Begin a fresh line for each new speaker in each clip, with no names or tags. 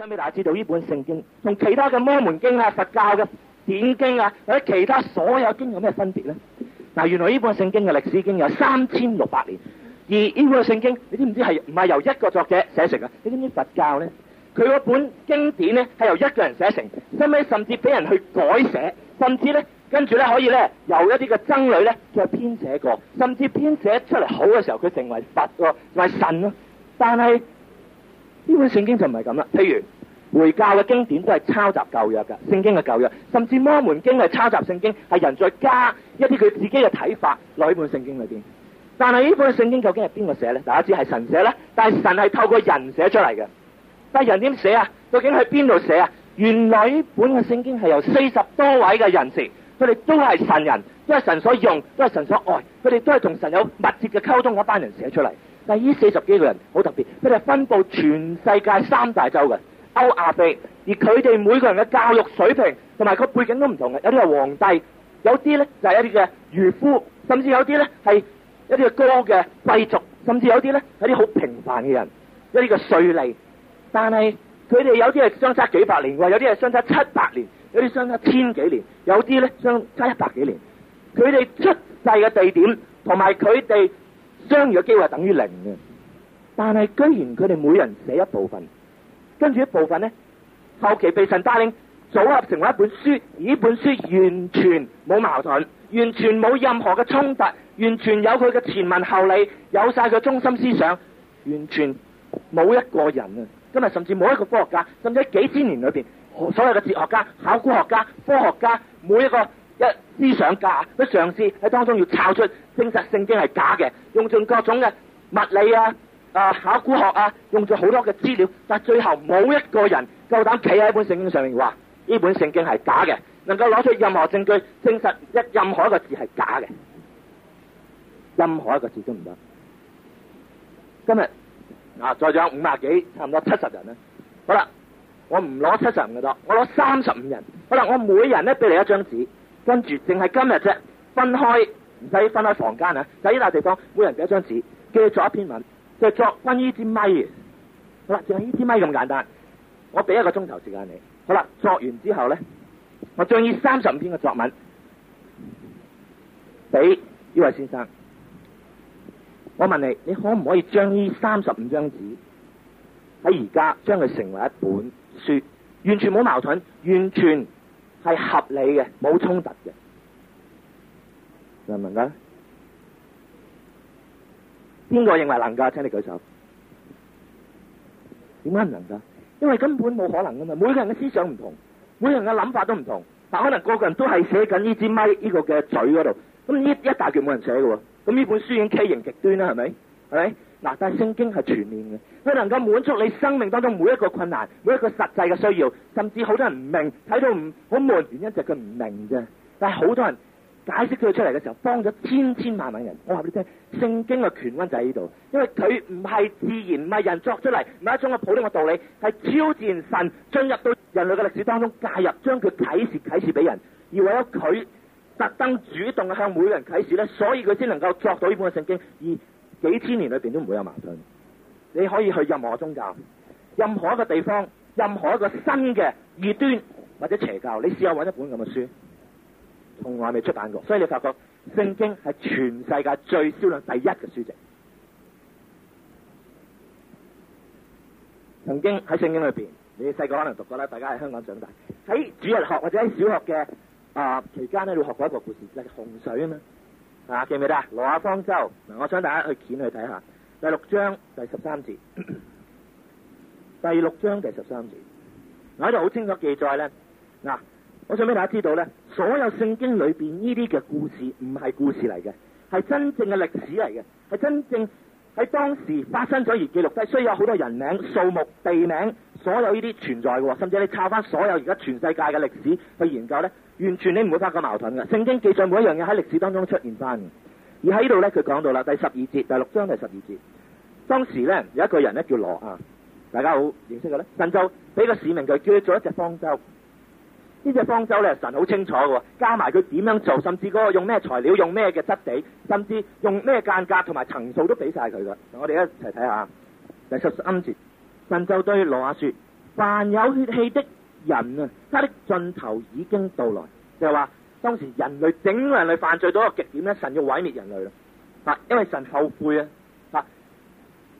想俾大家知道呢本聖經同其他嘅摩門經啊、佛教嘅典經啊，或者其他所有經有咩分別呢？嗱，原來呢本聖經嘅歷史經有三千六百年，而呢本聖經你知唔知係唔係由一個作者寫成啊？你知唔知佛教呢？佢嗰本經典呢係由一個人寫成，收尾甚至俾人去改寫，甚至呢跟住呢可以呢由一啲嘅僧侶呢再編寫過，甚至編寫出嚟好嘅時候佢成為佛咯，咪神咯，啊，但係。呢本聖經就唔係咁啦，譬如回教嘅經典都係抄襲舊約嘅，聖經嘅舊約，甚至摩門經係抄襲聖經，係人再加一啲佢自己嘅睇法落呢本聖經裏邊。但係呢本聖經究竟係邊個寫呢？大家知係神寫咧？但係神係透過人寫出嚟嘅。但係人點寫啊？究竟喺邊度寫啊？原來呢本嘅聖經係由四十多位嘅人士，佢哋都係神人，都係神所用，都係神所愛，佢哋都係同神有密切嘅溝通嗰班人寫出嚟。但呢四十幾個人好特別，佢哋係分布全世界三大洲嘅歐亞非，而佢哋每個人嘅教育水平同埋個背景都唔同嘅，有啲係皇帝，有啲咧就係一啲嘅漁夫，甚至有啲咧係一啲嘅高嘅貴族，甚至有啲咧係啲好平凡嘅人，一啲嘅稅吏。但係佢哋有啲係相差幾百年嘅，有啲係相差七百年，有啲相差千幾年，有啲咧相差一百幾年。佢哋出世嘅地點同埋佢哋相遇嘅機會等於零嘅，但係居然佢哋每人寫一部分，跟住一部分呢，後期被神帶領組合成為一本書，呢本書完全冇矛盾，完全冇任何嘅衝突，完全有佢嘅前文後理，有晒佢中心思想，完全冇一個人啊，今日甚至冇一個科學家，甚至在幾千年裏邊所有嘅哲學家、考古學家、科學家，每一個。思想家，佢嘗試喺當中要抄出證實聖經係假嘅，用盡各種嘅物理啊、啊考古學啊，用咗好多嘅資料，但最後冇一個人夠膽企喺本聖經上面話呢本聖經係假嘅，能夠攞出任何證據證實一任何一個字係假嘅，任何一個字都唔得。今日啊，再有五十幾，差唔多七十人啦。好啦，我唔攞七十人嘅多，我攞三十五人。好啦，我每人咧俾你一張紙。跟住，淨係今日啫，分開唔使分開房間啊，就呢笪地方，每人俾一張紙，叫你作一篇文，就係作關於支咪。好啦，就係呢支咪咁簡單。我俾一個鐘頭時間你。好啦，作完之後咧，我將呢三十五篇嘅作文，俾呢位先生。我問你，你可唔可以將呢三十五張紙喺而家將佢成為一本書？完全冇矛盾，完全。係合理嘅，冇衝突嘅，能唔能噶？邊個認為能夠？請你舉手。點解唔能噶？因為根本冇可能噶嘛，每個人嘅思想唔同，每個人嘅諗法都唔同，但可能個個人都係寫緊呢支咪呢個嘅嘴嗰度，咁呢一大段冇人寫㗎，咁呢本書已經畸形極端啦，係咪？係咪？嗱，但係聖經係全面嘅，佢能夠滿足你生命當中每一個困難、每一個實際嘅需要，甚至好多人唔明，睇到唔好悶，原因就係佢唔明嘅。但係好多人解釋佢出嚟嘅時候，幫咗千千萬萬人。我話俾你聽，聖經嘅權威就喺呢度，因為佢唔係自然，唔係人作出嚟，唔係一種嘅普通嘅道理，係超自然神進入到人類嘅歷史當中介入將它啟示，將佢啟示啟示俾人，而為咗佢特登主動向每個人啟示呢，所以佢先能夠作到呢本嘅聖經而。幾千年裏邊都唔會有矛盾，你可以去任何宗教，任何一個地方，任何一個新嘅異端或者邪教，你試下搵一本咁嘅書，從來未出版過，所以你發覺聖經係全世界最銷量第一嘅書籍。曾經喺聖經裏邊，你細個可能讀過啦，大家喺香港長大，喺主日學或者喺小學嘅啊、呃、期間咧，你會學過一個故事，就係洪水啊嘛。啊記唔記得？挪亞方舟嗱，我想大家去見去睇下第六章第十三節，第六章第十三節，我喺度好清楚記載咧。嗱，我想俾大家知道咧，所有聖經裏邊呢啲嘅故事唔係故事嚟嘅，係真正嘅歷史嚟嘅，係真正。喺當時發生咗而記錄低，所以有好多人名、數目、地名，所有呢啲存在喎，甚至你抄翻所有而家全世界嘅歷史去研究呢，完全你唔會發覺矛盾嘅。聖經記載每一樣嘢喺歷史當中出現翻，而喺呢度呢，佢講到啦，第十二節，第六章第十二節，當時呢，有一個人呢叫挪亞、啊，大家好認識嘅呢？神州俾個市民，佢，叫做一隻方舟。呢隻方舟咧，神好清楚嘅，加埋佢點樣做，甚至嗰個用咩材料，用咩嘅質地，甚至用咩間隔同埋層數都俾晒佢嘅。我哋一齊睇下，第十三節，神就對挪亞說：凡有血氣的人啊，他的盡頭已經到來。就係話當時人類整個人類犯罪到一個極點咧，神要毀滅人類啦。因為神後悔啊。啊，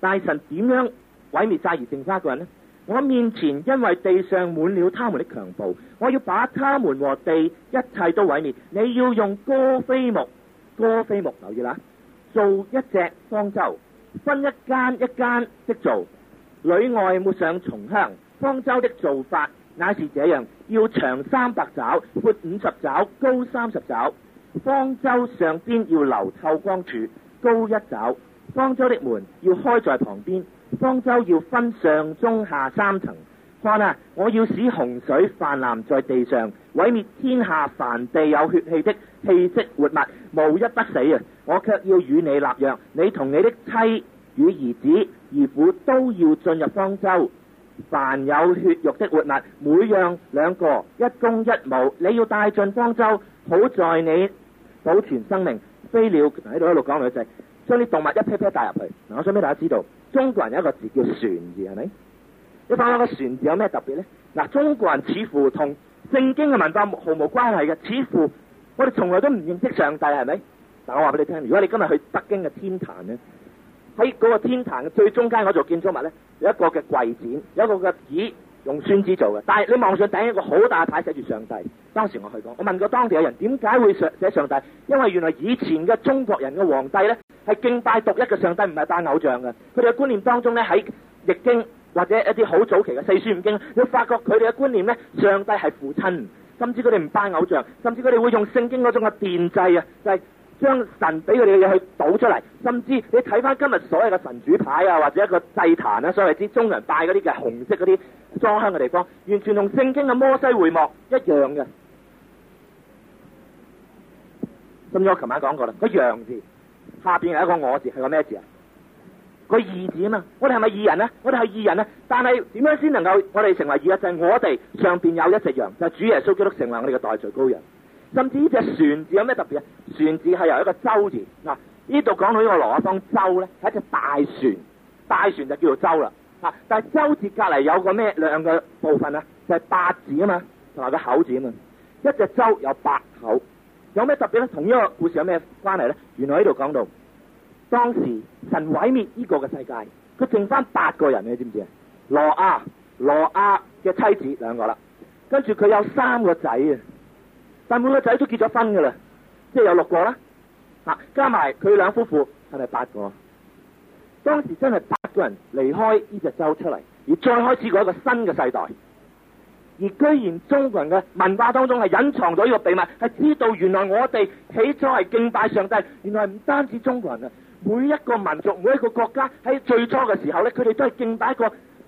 但神點樣毀滅晒而剩翻一個人咧？我面前因為地上滿了他們的強暴，我要把他們和地一切都毀滅。你要用歌斐木，歌斐木，留意啦，做一隻方舟，分一間一間的做。裏外抹上松香。方舟的做法乃是這樣：要長三百肘，寬五十肘，高三十肘。方舟上邊要留透光處，高一肘。方舟的門要開在旁邊。方舟要分上中下三層。看啊，我要使洪水泛濫在地上，毀滅天下凡地有血氣的氣息活物，無一不死啊！我卻要與你立約，你同你的妻與兒子、兒婦都要進入方舟。凡有血肉的活物，每樣兩個，一公一母，你要帶進方舟，好在你保存生命。飛鳥喺度一路講嚟嘅將啲動物一撇撇帶入去嗱，我想俾大家知道，中國人有一個字叫船字，係咪？你睇下個船字有咩特別咧？嗱，中國人似乎同聖經嘅文化毫無關係嘅，似乎我哋從來都唔認識上帝，係咪？但我話俾你聽，如果你今日去北京嘅天壇咧，喺嗰個天壇嘅最中間嗰座建築物咧，有一個嘅櫃展，有一個嘅椅，用宣紙做嘅，但係你望上頂一個好大嘅牌，寫住上帝。當時我去過，我問過當地嘅人，點解會上寫上帝？因為原來以前嘅中國人嘅皇帝咧。係敬拜獨一嘅上帝，唔係拜偶像嘅。佢哋嘅觀念當中咧，喺易經或者一啲好早期嘅四書五經，你發覺佢哋嘅觀念咧，上帝係父親，甚至佢哋唔拜偶像，甚至佢哋會用聖經嗰種嘅奠祭啊，就係、是、將神俾佢哋嘅嘢去倒出嚟。甚至你睇翻今日所謂嘅神主牌啊，或者一個祭壇啊，所謂之宗人拜嗰啲嘅紅色嗰啲裝香嘅地方，完全同聖經嘅摩西會幕一樣嘅。甚至我琴晚講過啦，一樣字。下邊係一個我字，係個咩字啊？個二字啊嘛！我哋係咪二人呢？我哋係二人呢？但係點樣先能夠我哋成為二？就係、是、我哋上邊有一隻羊，嗱、就係，主耶穌基督成為我哋嘅代罪羔羊。甚至呢隻船字有咩特別啊？船字係由一個舟字嗱，呢度講到呢個挪亞方舟咧，係一隻大船，大船就叫做舟啦。吓，但係舟字隔籬有個咩兩個部分啊？就係、是、八字啊嘛，同埋個口字啊嘛，一隻舟有八口。有咩特別咧？同一個故事有咩關係咧？原來喺度講到，當時神毀滅呢個嘅世界，佢剩翻八個人嘅，你知唔知啊？羅亞羅亞嘅妻子兩個啦，跟住佢有三個仔啊，但每個仔都結咗婚噶啦，即係有六個啦，吓加埋佢兩夫婦係咪八個？當時真係八個人離開呢隻州出嚟，而再開始過一個新嘅世代，而居然中國人嘅文化當中係隱藏咗呢個秘密，係知道原來我哋起初係敬拜上帝，原來唔單止中國人啊，每一個民族每一個國家喺最初嘅時候咧，佢哋都係敬拜一個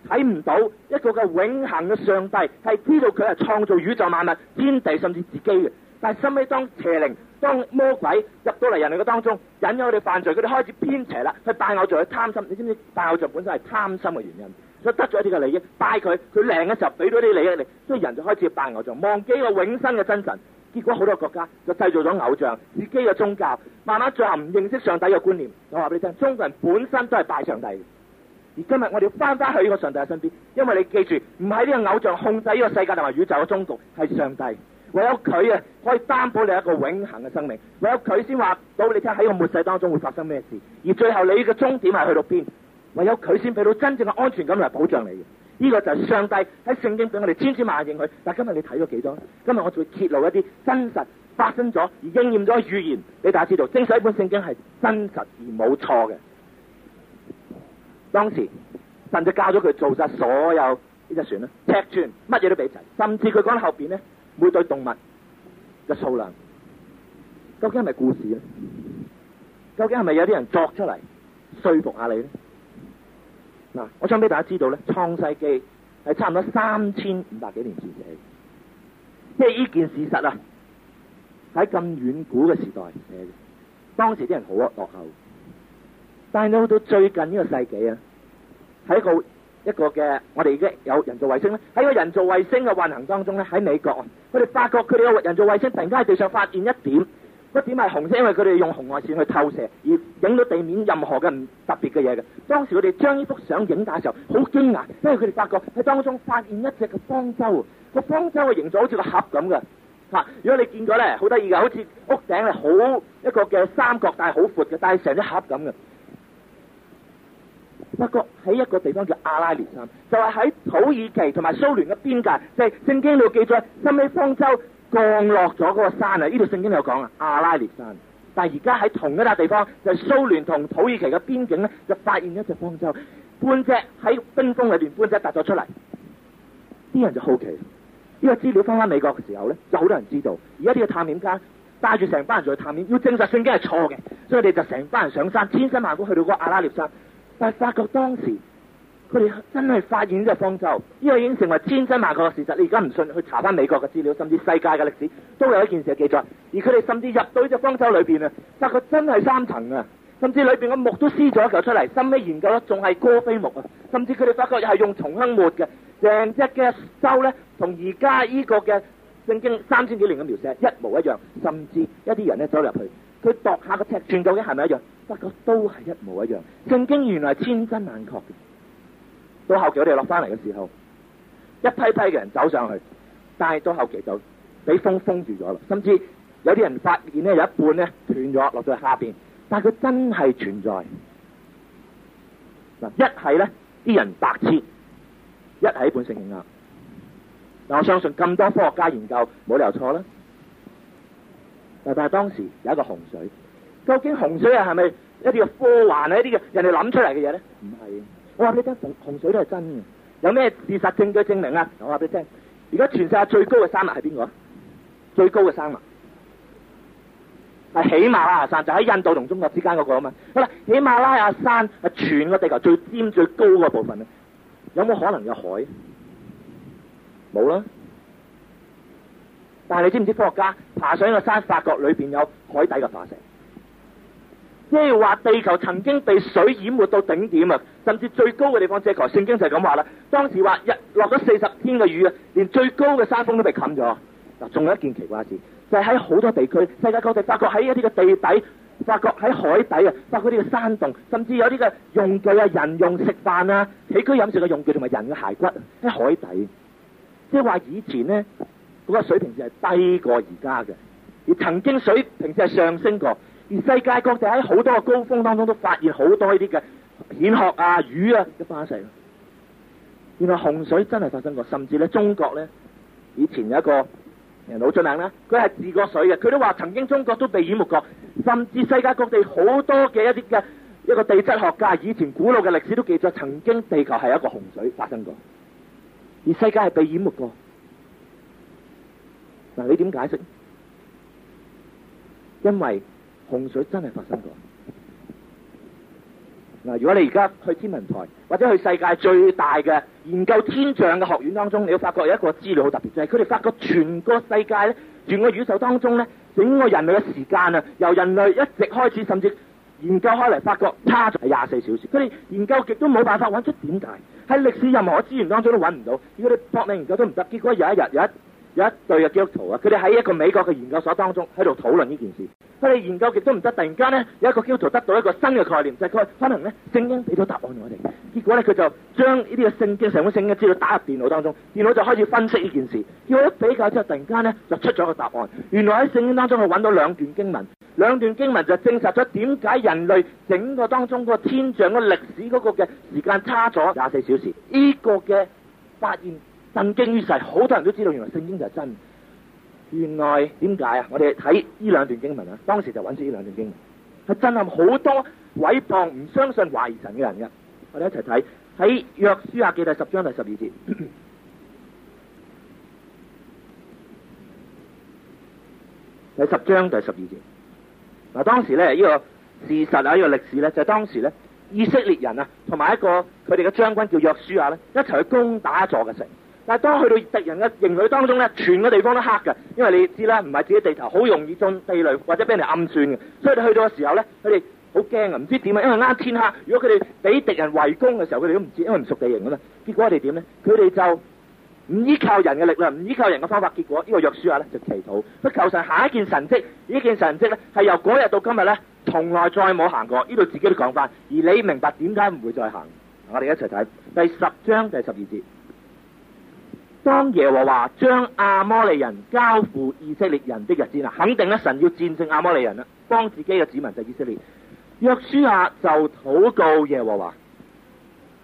睇唔到一個嘅永恆嘅上帝，係知道佢係創造宇宙萬物天地甚至自己嘅。但係後尾當邪靈當魔鬼入到嚟人類嘅當中，引咗我哋犯罪，佢哋開始偏邪啦，去拜偶像去貪心。你知唔知道拜偶像本身係貪心嘅原因？所以得咗一啲嘅利益，拜佢，佢靚嘅時候俾咗啲利益你，所以人就開始拜偶像，忘記個永生嘅真神。結果好多國家就製造咗偶像，自己嘅宗教，慢慢最後唔認識上帝嘅觀念。我話俾你聽，中國人本身都係拜上帝嘅，而今日我哋要翻翻去呢個上帝嘅身邊，因為你記住，唔係呢個偶像控制呢個世界同埋宇宙嘅終極係上帝，唯有佢啊可以擔保你一個永恆嘅生命，唯有佢先話到你聽喺個末世當中會發生咩事，而最後你嘅終點係去到邊？唯有佢先俾到真正嘅安全感嚟保障你嘅，呢、呢個就係上帝喺聖經俾我哋千千萬萬應許。但係今日你睇咗幾多？今日我就會揭露一啲真實發生咗而應驗咗嘅預言。俾大家知道，正所謂一本聖經係真實而冇錯嘅。當時神就教咗佢做晒所有，呢隻船啦，尺寸，乜嘢都俾齊，甚至佢講到後邊咧，每對動物嘅數量，究竟係咪故事咧？究竟係咪有啲人作出嚟說服下你咧？嗱，我想俾大家知道咧，《創世記》係差唔多三千五百幾年前寫，即係呢件事實啊，喺咁遠古嘅時代寫嘅，當時啲人好落後。但係你去到最近呢個世紀啊，喺個一個嘅，我哋已經有人造衛星咧，喺個人造衛星嘅運行當中咧，喺美國啊，佢哋發覺佢哋有人造衛星，突然間喺地上發現一點。我點係紅色？因為佢哋用紅外線去透射，而影到地面任何嘅唔特別嘅嘢嘅。當時佢哋將呢幅相影架嘅時候，好驚訝，因為佢哋發覺喺當中發現一隻嘅方舟。個方舟嘅形狀好似個盒咁嘅，吓、啊！如果你見過咧，好得意嘅，好似屋頂係好一個嘅三角，但係好闊嘅，但係成一盒咁嘅。不過喺一個地方叫阿拉尼山，就係、是、喺土耳其同埋蘇聯嘅邊界。就係、是、聖經裏記載，收起方舟。降落咗嗰個山啊！呢條聖經有講啊，阿拉列山。但係而家喺同一笪地方，就係蘇聯同土耳其嘅邊境咧，就發現咗隻方舟，半隻喺冰封裏邊，半隻突咗出嚟。啲人就好奇。呢個資料翻翻美國嘅時候咧，就好多人知道。而家呢個探險家帶住成班人去探險，要證實聖經係錯嘅，所以佢哋就成班人上山，千辛萬苦去到嗰個阿拉列山，但係發覺當時。佢哋真係發現呢隻方舟，呢個已經成為千真萬確嘅事實。你而家唔信，去查翻美國嘅資料，甚至世界嘅歷史都有一件事嘅記載。而佢哋甚至入到呢隻方舟裏邊啊，發覺真係三層啊，甚至裏邊嘅木都撕咗一嚿出嚟。後尾研究咧，仲係歌斐木啊，甚至佢哋發覺又係用松香木嘅，成隻嘅舟呢，同而家呢個嘅聖經三千幾年嘅描寫一模一樣。甚至一啲人呢，走入去，佢度下個尺寸究竟係咪一樣？發覺都係一模一樣。聖經原來是千真萬確的。到後期我哋落翻嚟嘅時候，一批批嘅人走上去，但係到後期就俾風封住咗啦。甚至有啲人發現咧，有一半咧斷咗落咗下邊，但係佢真係存在嗱，嗯。一係咧啲人白癡，一係本性邪惡。嗱，我相信咁多科學家研究冇理由錯啦。但係當時有一個洪水，究竟洪水啊係咪一啲嘅科幻啊，一啲嘅人哋諗出嚟嘅嘢咧？唔係。我話俾你聽，洪洪水都係真嘅，有咩事實證據證明啊？我話俾你聽，而家全世界最高嘅山脈係邊個？最高嘅山脈係喜馬拉雅山，就喺、是、印度同中國之間嗰、那個啊嘛。好啦，喜馬拉雅山係全個地球最尖最高嘅部分啊！有冇可能有海？冇啦。但係你知唔知道科學家爬上呢個山，發覺裏邊有海底嘅化石？即係話地球曾經被水淹沒到頂點啊，甚至最高嘅地方、就是。借個聖經就係咁話啦。當時話一落咗四十天嘅雨啊，連最高嘅山峰都被冚咗。嗱，仲有一件奇怪事，就喺、是、好多地區、世界各地，發覺喺一啲嘅地底，發覺喺海底啊，發覺呢個山洞，甚至有啲嘅用具啊、人用食飯啊、起居飲食嘅用具，同埋人嘅骸骨喺海底。即係話以前呢，嗰、嗰個水平線係低過而家嘅，而曾經水平線係上升過。而世界各地喺好多嘅高峰當中都發現好多呢啲嘅蜆殼啊、魚啊嘅化石。原來洪水真係發生過，甚至咧中國咧以前有一個魯俊猛啦，佢係治過水嘅，佢都話曾經中國都被淹沒過。甚至世界各地好多嘅一啲嘅一個地質學家，以前古老嘅歷史都記載曾經地球係一個洪水發生過，而世界係被淹沒過。嗱，你點解釋？因為洪水真係發生過。嗱，如果你而家去天文台，或者去世界最大嘅研究天象嘅學院當中，你會發覺有一個資料好特別，就係佢哋發覺全個世界咧，全個宇宙當中咧，整個人類嘅時間啊，由人類一直開始，甚至研究開嚟，發覺差咗廿四小時。佢哋研究極都冇辦法揾出點解，喺歷史任何資源當中都揾唔到。如果你搏命研究都唔得，結果有一日有一。有一隊嘅基督徒啊，佢哋喺一個美國嘅研究所當中喺度討論呢件事。佢哋研究極都唔得，突然間呢，有一個基督徒得到一個新嘅概念，就係佢可能呢聖經俾咗答案我哋。結果呢，佢就將呢啲嘅聖經、成本聖經嘅資料打入電腦當中，電腦就開始分析呢件事。結果一比較之後，突然間呢，就出咗個答案。原來喺聖經當中佢揾到兩段經文，兩段經文就證實咗點解人類整個當中嗰個天象、嗰歷史嗰個嘅時間差咗廿四小時呢個嘅發現。震驚於世，好多人都知道原聖，原來聖經就係真。原來點解啊？我哋睇呢兩段經文啊，當時就揾出呢兩段經文係震撼好多毀謗、唔相信、懷疑神嘅人嘅。我哋一齊睇喺約書亞記第十章第十二節，第十章第十二節。嗱，當時咧呢個事實啊，呢、這個歷史咧，就係當時咧以色列人啊，同埋一個佢哋嘅將軍叫約書亞咧，一齊去攻打一座嘅城。但係當去到敵人嘅營壘當中咧，全個地方都黑嘅，因為你知啦，唔係自己地頭，好容易中地雷或者俾人暗算嘅。所以你去到嘅時候咧，佢哋好驚啊，唔知點啊，因為啱天黑。如果佢哋俾敵人圍攻嘅時候，佢哋都唔知，因為唔熟地形噶啦。結果佢哋點咧？佢哋就唔依靠人嘅力量，唔依靠人嘅方法。結果呢個約書亞咧就祈禱，佢求神下一件神迹，呢件神迹咧係由嗰日到今日咧，從來再冇行過。呢度自己都講返，而你明白點解唔會再行？我哋一齊睇第十章第十二節。當耶和華將阿摩利人交付以色列人的日子啊，肯定神要戰勝阿摩利人啦，幫自己嘅子民就是、以色列。約書亞就禱告耶和華，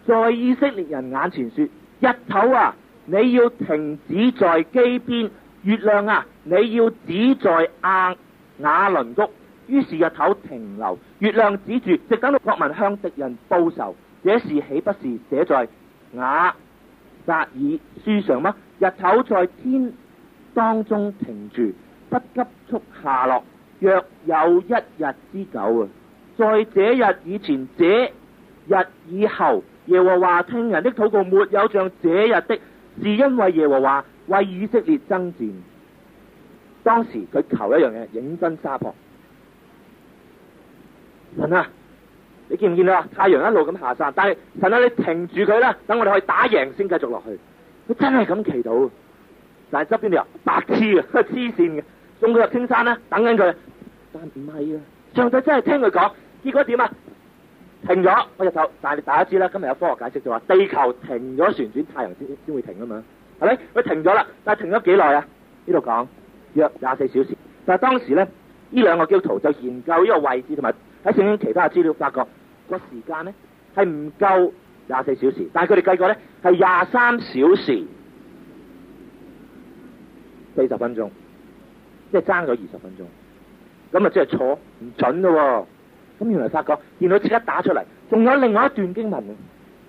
在以色列人眼前說：日頭啊，你要停止在基遍；月亮啊，你要止在亞雅倫谷。於是日頭停留，月亮止住，直等到國民向敵人報仇。這事，豈不是寫在雅撒爾書上嗎？日頭在天當中停住，不急速下落，約有一日之久啊！在這日以前，這日以後，耶和華聽人的禱告，沒有像這日的，是因為耶和華為以色列爭戰。當時佢求一樣嘢，認真沙婆。你見唔見到啊？太陽一路咁下山，但係神啊，你停住佢啦，等我哋可以打贏先，繼續落去。佢真係咁祈禱，但係側邊條白痴啊，黐線嘅，送佢入青山啦，等緊佢。唔係啊！上帝真係聽佢講，結果點啊？停咗，我入手，但係大家知啦，今日有科學解釋就話，地球停咗旋轉，太陽先先會停啊嘛，係咪？佢停咗啦，但係停咗幾耐啊？呢度講約廿四小時。但係當時咧，呢兩個基督徒就研究呢個位置，同埋喺聖經其他資料發覺。那個時間咧，係唔夠廿四小時，但係佢哋計過咧，係廿三小時四十分鐘，即係爭咗二十分鐘。咁啊，即係錯唔準咯，哦。咁原來發覺電腦即刻打出嚟，仲有另外一段經文。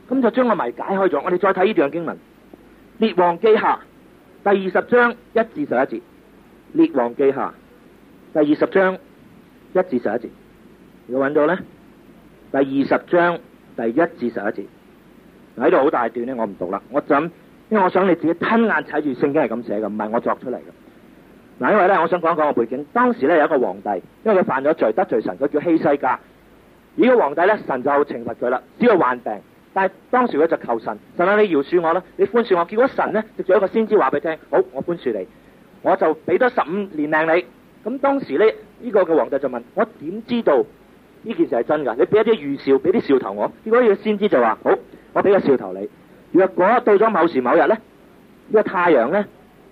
咁就將個謎解開咗。我哋再睇呢段經文，列《列王記下》第二十章一至十一節，《列王記下》第二十章一至十一節，你有揾到咧。第二十章第一至十一節，喺度好大段咧，我唔讀啦。我就因為我想你自己親眼睇住聖經係咁寫嘅，唔係我作出嚟嘅。嗱，因為咧，我想講一講個背景。當時咧有一個皇帝，因為佢犯咗罪得罪神，佢叫希西家。而這個皇帝咧，神就懲罰佢啦，只要患病。但係當時佢就求神，神啊，你饒恕我啦，你寬恕我。結果神咧，直接一個先知話俾你聽，好，我寬恕你，我就俾多十五年命你。咁當時咧，呢、這個嘅皇帝就問我點知道？呢件事係真噶，你俾一啲預兆，俾啲兆頭我。如果要先知就話，好，我俾個兆頭你。若果到咗某時某日咧，呢個太陽咧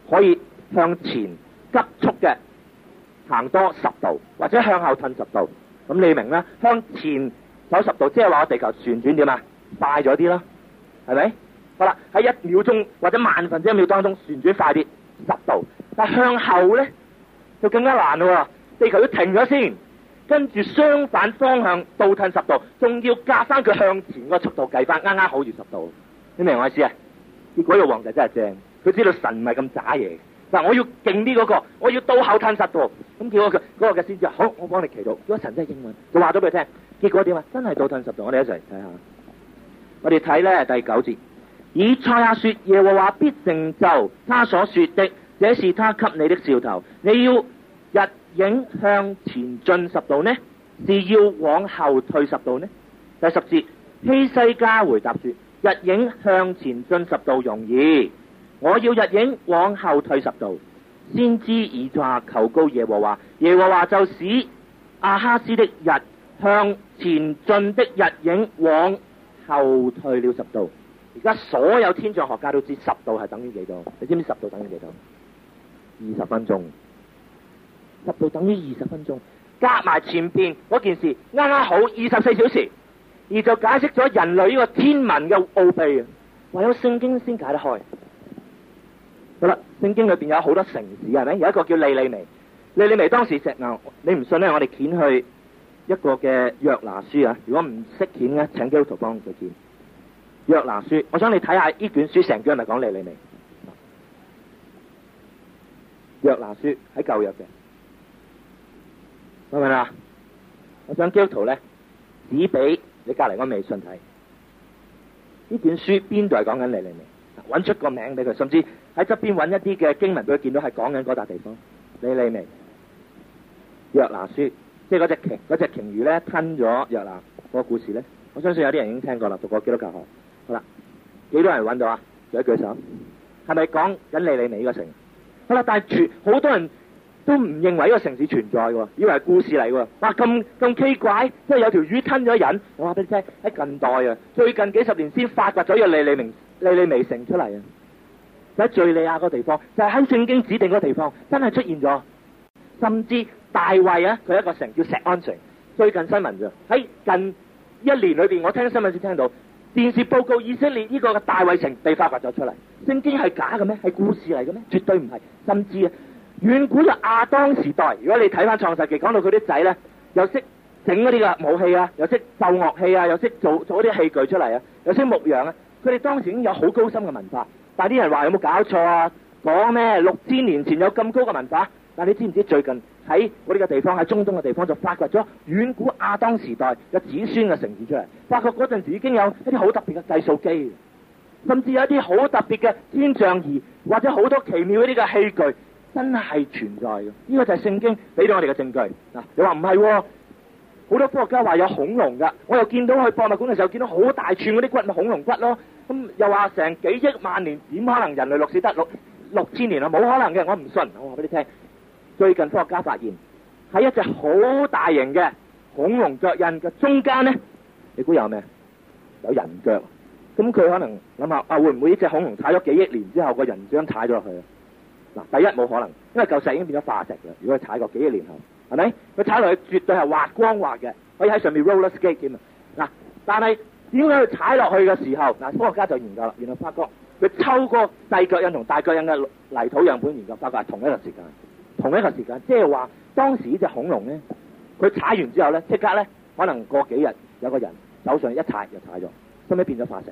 可以向前急速嘅行多十度，或者向後褪十度，咁你明啦？向前走十度，即係話我地球旋轉點啊？快咗啲啦，係咪？好啦，喺一秒鐘或者萬分之一秒當中旋轉快啲十度，但向後咧就更加難咯。地球要停咗先。跟住相反方向倒褪十度，仲要加翻佢向前個速度計翻，啱啱好要十度。你明我意思啊？結果個皇帝真係正，佢知道神唔係咁渣嘢。嗱，我要勁啲嗰個，我要倒後褪十度。咁結果佢、那、嗰個嘅先至好，我幫你祈禱。如果神真係應允，就話咗俾你聽。結果點啊？真係倒褪十度。我哋一齊睇下。我哋睇咧第九節，以賽亞說耶和華必成就他所說的，這是他給你的兆頭。你要日。影向前進十度呢，是要往後退十度呢？第十節希西家回答說：日影向前進十度容易，我要日影往後退十度。先知以賽求告耶和華，耶和華就使亞哈斯的日向前進的日影往後退了十度。而家所有天象學家都知道十度係等於幾多？你知唔知十度等於幾多？二十分鐘。十度等於二十分鐘，加埋前邊嗰件事，啱啱好二十四小時，而就解釋咗人類呢個天文嘅奧秘，唯有聖經先解得開。好啦，聖經裏邊有好多城市，係咪有一個叫尼尼微？尼尼微當時石牛，你唔信咧？我哋剪去一個嘅約拿書啊！如果唔識剪咧，請基督徒幫佢剪。約拿書，我想你睇下呢卷書成卷嚟講尼尼微。約拿書喺舊約嘅。阿敏啊，我想膠徒咧，指俾你隔籬個微信睇。呢本書邊度係講緊尼尼微？搵出個名俾佢，甚至喺側邊搵一啲嘅經文俾佢見到係講緊嗰笪地方。尼尼微，約拿書，即係嗰隻鯨，嗰隻鯨魚咧吞咗約拿，嗰、嗰個故事咧，我相信有啲人已經聽過啦，讀過基督教學。好啦，幾多人搵到啊？舉起舉手，係咪講緊尼尼微嗰城？好啦，但係全好多人，都唔認為呢個城市存在喎，以為係故事嚟嘅。哇，咁咁奇怪，即係有條魚吞咗人。我話俾你聽，喺近代啊，最近幾十年先發掘咗一個利利明利利微城出嚟啊！喺敘利亞個地方，就喺聖經指定個地方，真係出現咗。甚至大衛啊，佢一個城叫石安城，最近新聞咋？喺近一年裏面，我聽新聞先聽到電視報告，以色列呢個大衛城被發掘咗出嚟。聖經係假嘅咩？係故事嚟嘅咩？絕對唔係。甚至啊！遠古嘅亞當時代，如果你睇翻創世記，講到佢啲仔咧，又識整嗰啲嘅武器啊，又識奏樂器啊，又識做做嗰啲器具出嚟啊，又識牧羊啊，佢哋當時已經有好高深嘅文化。但係啲人話有冇搞錯啊？講咩六千年前有咁高嘅文化？但係你知唔知最近喺我呢個地方喺中東嘅地方就發掘咗遠古亞當時代嘅子孫嘅城市出嚟，發覺嗰陣時已經有一啲好特別嘅計數機，甚至有一啲好特別嘅天象儀，或者好多奇妙一啲嘅器具。真係存在嘅，呢個就係聖經俾到我哋嘅證據。嗱，你話唔係，好多科學家話有恐龍噶，我又見到去博物館嘅時候見到好大串嗰啲骨，恐龍骨咯。咁又話成幾億萬年，點可能人類落死得六六千年啊？冇可能嘅，我唔信。我話俾你聽，最近科學家發現喺一隻好大型嘅恐龍腳印嘅中間咧，你估有咩？有人腳。咁佢可能諗下啊，會唔會呢隻恐龍踩咗幾億年之後，個人將踩咗落去啊？第一冇可能，因為舊石已經變咗化石喇。如果佢踩過幾年後，係咪？佢踩落去絕對係滑光滑嘅，可以喺上面 roller skate 添啊！嗱，但係點解佢踩落去嘅時候，嗱，科學家就研究啦，原來發覺佢抽過細腳印同大腳印嘅泥土樣本研究，發覺係同一個時間，同一個時間，即係話當時呢隻恐龍咧，佢踩完之後咧，即刻咧，可能過幾日有個人手上一踩就踩咗，後尾變咗化石。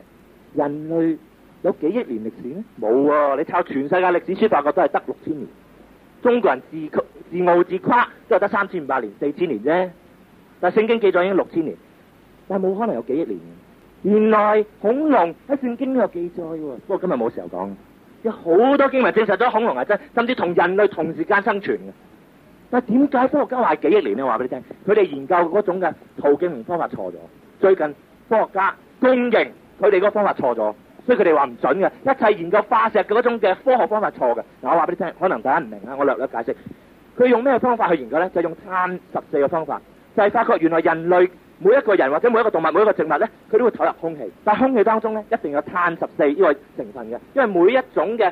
人類。有幾億年歷史咧？冇喎、啊！你查全世界歷史書，發覺都係得六千年。中國人自曲自傲自誇，都係得三千五百年、四千年啫。但聖經記載已經六千年，但係冇可能有幾億年。原來恐龍喺聖經都有記載、啊。不過今日冇時候講。有好多經文證實咗恐龍係真，甚至同人類同時間生存嘅。但係點解科學家話係幾億年咧？話俾你聽，佢哋研究嗰種嘅途徑同方法錯咗。最近科學家公認佢哋個方法錯咗。所以佢哋話唔準嘅，一切研究化石嗰種嘅科學方法錯嘅。嗱，我話俾你聽，可能大家唔明啊，我略略解釋。佢用咩方法去研究咧？就係用碳十四嘅方法，就係發覺原來人類每一個人或者每一個動物、每一個植物咧，佢都會採入空氣，但係空氣當中咧一定有碳十四呢個成分嘅，因為每一種嘅。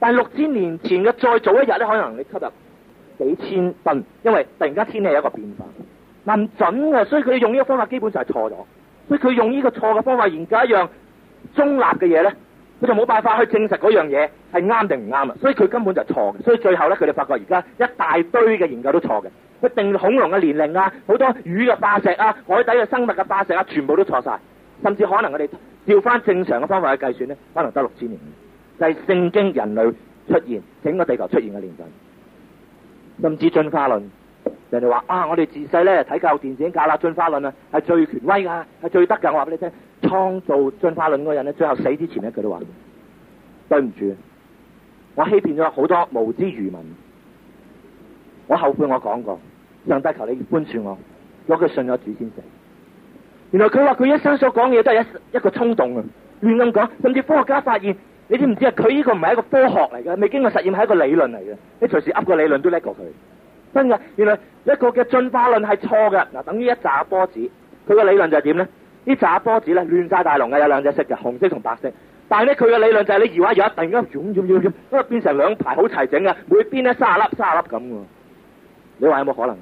但六千年前嘅再早一日咧，可能你吸入幾千噸，因為突然間天氣有一個變化，唔準嘅，所以佢用呢個方法基本上係錯咗。所以佢用呢個錯嘅方法研究一樣中立嘅嘢咧，佢就冇辦法去證實嗰樣嘢係啱定唔啱啊！所以佢根本就係錯嘅。所以最後咧，佢哋發覺而家一大堆嘅研究都錯嘅，佢定恐龍嘅年齡啊，好多魚嘅化石啊，海底嘅生物嘅化石啊，全部都錯晒，甚至可能我哋照翻正常嘅方法去計算咧，可能得六千年。就係、是、聖經人類出現，整個地球出現嘅年份，甚至進化論，人哋話啊，我哋自細咧睇教育電視教啦進化論啊，係最權威噶，係最得噶。我話俾你聽，創造進化論嗰個人咧，最後死之前咧，佢都話：對唔住，我欺騙咗好多無知愚民，我後悔我講過，上帝求你寬恕我，攞佢信咗主先成。原來佢話佢一生所講嘢都係一一個衝動啊，亂咁講，甚至科學家發現。你知唔知啊？佢呢個唔係一個科學嚟嘅，未經過實驗係一個理論嚟嘅。你隨時噏個理論都叻過佢，真噶！原來一個嘅進化論係錯嘅。嗱，等於一紮波子，佢個理論就係點咧？呢紮波子咧亂晒大龍嘅，有兩隻色嘅，紅色同白色。但係咧，佢嘅理論就係你搖一搖，突然間湧湧湧涌，都變成兩排好齊整嘅，每邊咧卅粒卅粒咁。你話有冇可能？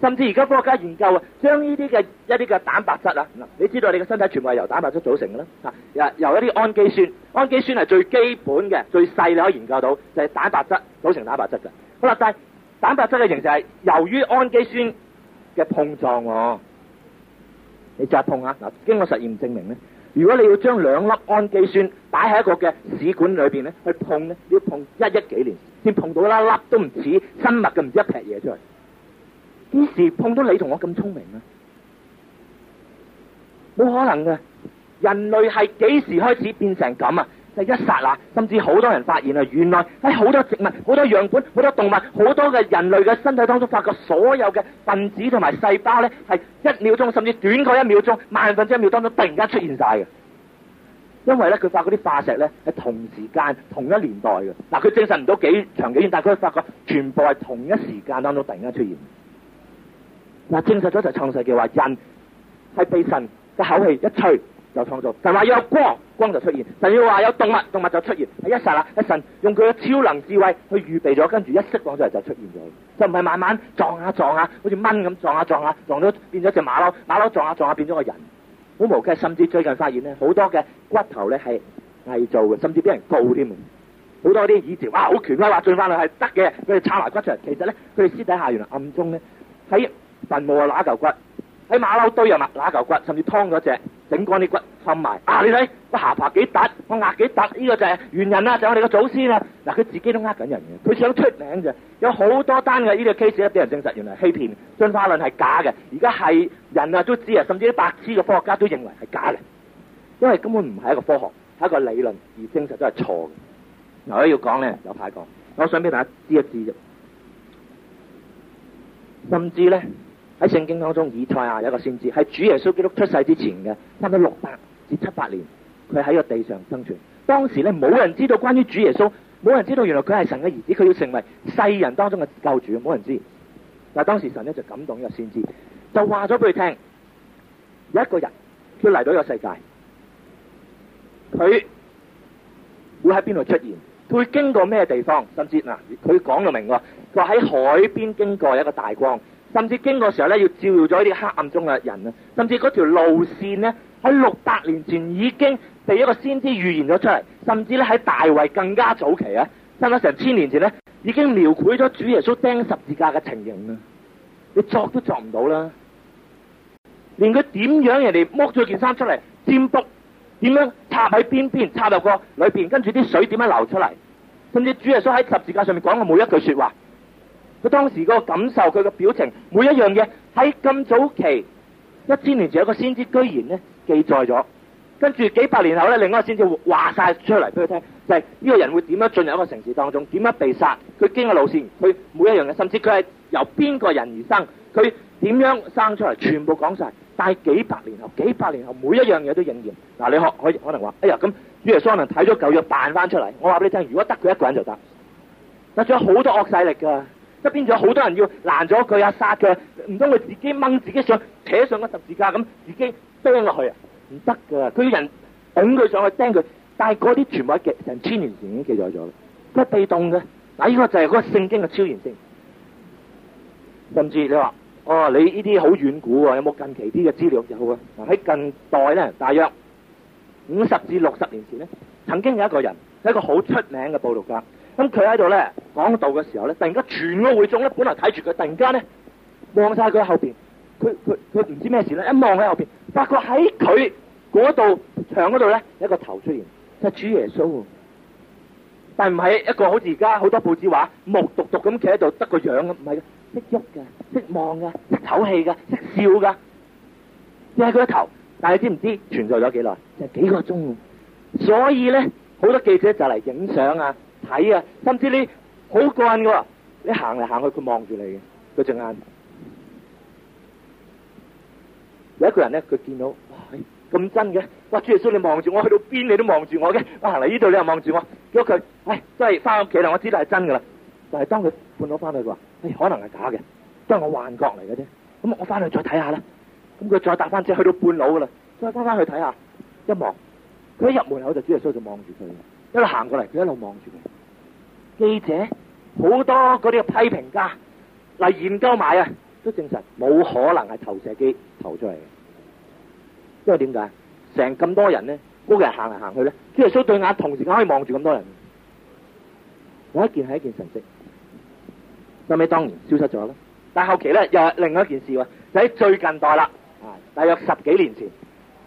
甚至而家科學家研究啊，將呢啲嘅一啲嘅蛋白質啊，你知道你嘅身體全部係由蛋白質組成嘅啦。由由一啲氨基酸，氨基酸係最基本嘅，最細你可以研究到就係蛋白質組成蛋白質嘅。好啦，但係蛋白質嘅形成係由於氨基酸嘅碰撞喎。你再碰下嗱，經過實驗證明咧，如果你要將兩粒氨基酸擺喺一個嘅試管裏面咧，去碰咧，你要碰一億幾年先碰到一粒粒，都唔似生物嘅，唔知一劈嘢出嚟。幾時碰到你同我咁聰明啊？冇可能嘅。人類係幾時開始變成咁啊？就一剎那，甚至好多人發現啊！原來喺好多植物、好多樣本、好多動物、好多嘅人類嘅身體當中，發覺所有嘅分子同埋細胞咧，係一秒鐘，甚至短過一秒鐘、萬分之一秒當中，突然間出現晒嘅。因為咧，佢發覺啲化石咧係同時間、同一年代嘅。嗱，佢證實唔到幾長幾遠，但係佢發覺全部係同一時間當中突然間出現。嗱，證實咗就創世嘅話，人係被神嘅口氣一吹就創造。神話要有光，光就出現；神要話有動物，動物就出現。係一剎啦，一神用佢嘅超能智慧去預備咗，跟住一釋放出嚟就出現咗。就唔係慢慢撞下、啊、撞下、啊，好似蚊咁撞下、啊、撞下、啊、撞咗變咗隻馬騮，馬騮撞下、啊、撞下、啊啊、變咗個人。好無稽，甚至最近發現呢，好多嘅骨頭咧係偽造嘅，甚至俾人告添。好多啲以前哇好權威話進化論係得嘅，佢哋撐埋骨出嚟，其實咧佢哋私底下原來暗中咧喺。問我乸嚿骨喺馬騮堆又揦乸嚿骨，甚至劏咗隻，整乾啲骨，冚埋。啊，你睇我下巴幾凸，我額幾凸。呢、這個就係、是、猿人啦、啊，就是、我哋嘅祖先啦。嗱、啊，佢自己都呃緊人嘅，佢想出名嘅。有好多單嘅呢個 case 都俾人證實，原來欺騙，進化論係假嘅。而家係人啊都知啊，甚至啲白痴嘅科學家都認為係假嘅，因為根本唔係一個科學，係一個理論而證實都係錯嘅。嗱，我要講咧有排講，我想俾大家知一知啫，甚至咧。喺聖經當中，以賽亞有一個先知，係主耶穌基督出世之前嘅，差唔多六百至七百年，佢喺個地上生存。當時咧冇人知道關於主耶穌，冇人知道原來佢係神嘅兒子，佢要成為世人當中嘅救主，冇人知。但係當時神咧就感動呢個先知，就話咗俾佢聽，有一個人佢嚟到呢個世界，
佢
會喺邊度出現，會經過咩地方，甚至嗱佢講到明白，話喺海邊經過一個大光。甚至經過時候咧，要照耀咗呢啲黑暗中嘅人啊！甚至嗰條路線呢，喺六百年前已經被一個先知預言咗出嚟。甚至咧喺大衛更加早期啊，差唔多成千年前咧，已經描繪咗主耶穌釘十字架嘅情形啦。你作都作唔到啦，連佢點樣人哋剝咗件衫出嚟，占卜點樣插喺邊邊，插入個裏邊，跟住啲水點樣流出嚟，甚至主耶穌喺十字架上面講嘅每一句說話。佢當時嗰個感受，佢嘅表情，每一樣嘢喺咁早期一千年前一個先知居然呢記載咗，跟住幾百年後咧另一個先知話晒出嚟俾佢聽，就係、是、呢個人會點樣進入一個城市當中，點樣被殺，佢經嘅路線，佢每一樣嘢，甚至佢係由邊個人而生，佢點樣生出嚟，全部講晒。但係幾百年後，幾百年後每一樣嘢都應驗。嗱、啊，你學可以可能話：哎呀，咁耶穌受難睇咗舊約扮翻出嚟，我話俾你聽，如果得佢一個人就得，但仲有好多惡勢力㗎。一邊好多人要攔咗佢啊殺佢，唔通佢自己掹自己上扯上個十字架咁自己釘落去啊？唔得噶，佢要人捧佢上去釘佢。但係嗰啲全部喺成千年前已經記載咗啦，乜被動嘅？嗱，呢個就係嗰個聖經嘅超然性。甚至你話哦，你呢啲好遠古啊，有冇近期啲嘅資料就好啊？喺近代咧，大約五十至六十年前咧，曾經有一個人係一個好出名嘅報道家。咁佢喺度咧講道嘅時候咧，突然間全個會眾咧，本來睇住佢，突然間咧望晒佢後邊，佢佢佢唔知咩事咧，一望喺後邊，發覺喺佢嗰度牆嗰度咧一個頭出現，就係主耶穌，但唔係一個好似而家好多報紙話木獨獨咁企喺度得個樣嘅，唔係嘅，識喐㗎，識望㗎，識唞氣㗎，識笑㗎。即係佢個頭。但係你知唔知存在咗幾耐？就係幾個鐘。所以咧，好多記者就嚟影相啊！睇啊，甚至你好慣噶，你行嚟行去佢望住你嘅，佢隻眼。有一個人咧，佢見到咁、哎、真嘅，哇主耶穌你望住我，去到邊你都望住我嘅，我行嚟呢度你又望住我，咁佢唉，真係翻屋企啦，我知道係真噶啦。但係當佢半咗翻去的話，佢話誒可能係假嘅，都係我幻覺嚟嘅啫。咁我翻去再睇下啦。咁佢再搭翻車去到半樓噶啦，再翻翻去睇下，一望佢一入門口就主耶穌就望住佢，一路行過嚟佢一路望住佢。記者好多嗰啲批評家嚟研究埋啊，都證實冇可能係投射機投出嚟嘅，因為點解成咁多人咧，嗰個人行嚟行去咧，基督徒對眼同時可以望住咁多人，有一件係一件神跡，後尾當然消失咗啦。但後期咧又係另外一件事喎，就喺最近代啦，啊，大約十幾年前，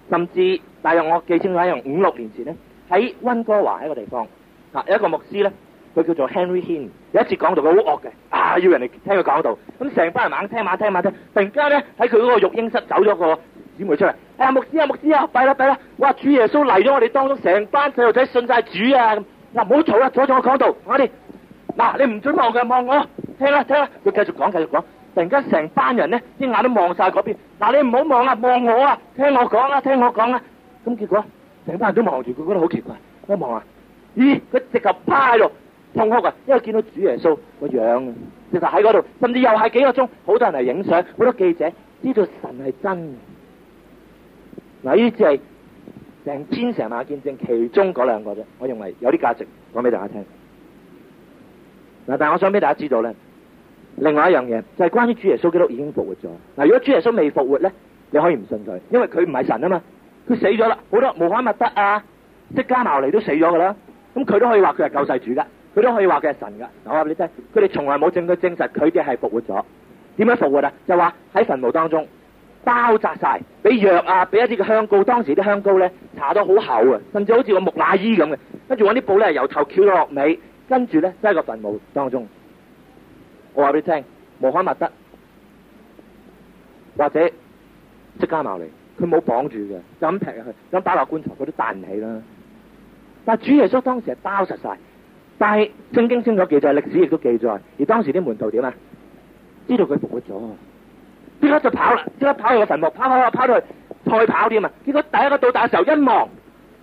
甚至大約我記清楚係用五六年前咧，喺溫哥華一個地方，有一個牧師咧。佢叫做 Henry Hin，有一次講到佢好惡嘅，啊，要人哋聽佢講道，咁、啊、成班人猛聽猛聽猛聽，突然間咧喺佢嗰個育嬰室走咗個姊妹出嚟，哎呀牧師啊牧師啊，弊啦弊啦，哇，主耶穌嚟咗我哋當中，成班細路仔信晒主啊咁。嗱，唔好嘈啦，嘈咗我講道，我哋。嗱，你唔准望佢，望我，聽啦、啊、聽啦、啊，佢繼續講繼續講，突然間成班人咧一眼都望晒嗰邊，嗱、啊、你唔好望啊望我啊，聽我講啦聽我講啦，咁、啊、結果成班人都望住佢，覺得好奇怪，一望啊，咦、哎、佢直頭趴喺度。痛哭啊！因為見到主耶穌個樣，其實喺嗰度，甚至又係幾個鐘，好多人嚟影相，好多記者知道神係真。嗱，呢啲係成千成萬見證其中嗰兩個啫，我認為有啲價值講俾大家聽。嗱，但係我想俾大家知道咧，另外一樣嘢就係關於主耶穌基督已經復活咗。嗱，如果主耶穌未復活咧，你可以唔信佢，因為佢唔係神啊嘛，佢死咗啦，好多穆罕默德啊、釋迦牟尼，都死咗噶啦，咁佢都可以話佢係救世主噶。佢都可以話嘅係神噶，我話俾你聽，佢哋從來冇證據證實佢哋係復活咗。點樣復活啊？就話喺墳墓當中包紮晒，俾藥啊，俾一啲嘅香膏。當時啲香膏咧搽到好厚啊，甚至好似個木乃伊咁嘅。跟住我啲布咧由頭翹到落尾，跟住咧即係個墳墓當中。我話俾你聽，穆罕默德，或者釋迦牟尼，佢冇綁住嘅，就咁劈入去，咁打落棺材，佢都彈唔起啦。但係主耶穌當時係包實晒。但係《聖經》清楚記載，歷史亦都記載，而當時啲門徒點啊？知道佢復活咗，即刻就跑啦！即刻跑去個墳墓，跑跑跑跑，跑到去，再跑啲嘛？結果第一個到達嘅時候一望，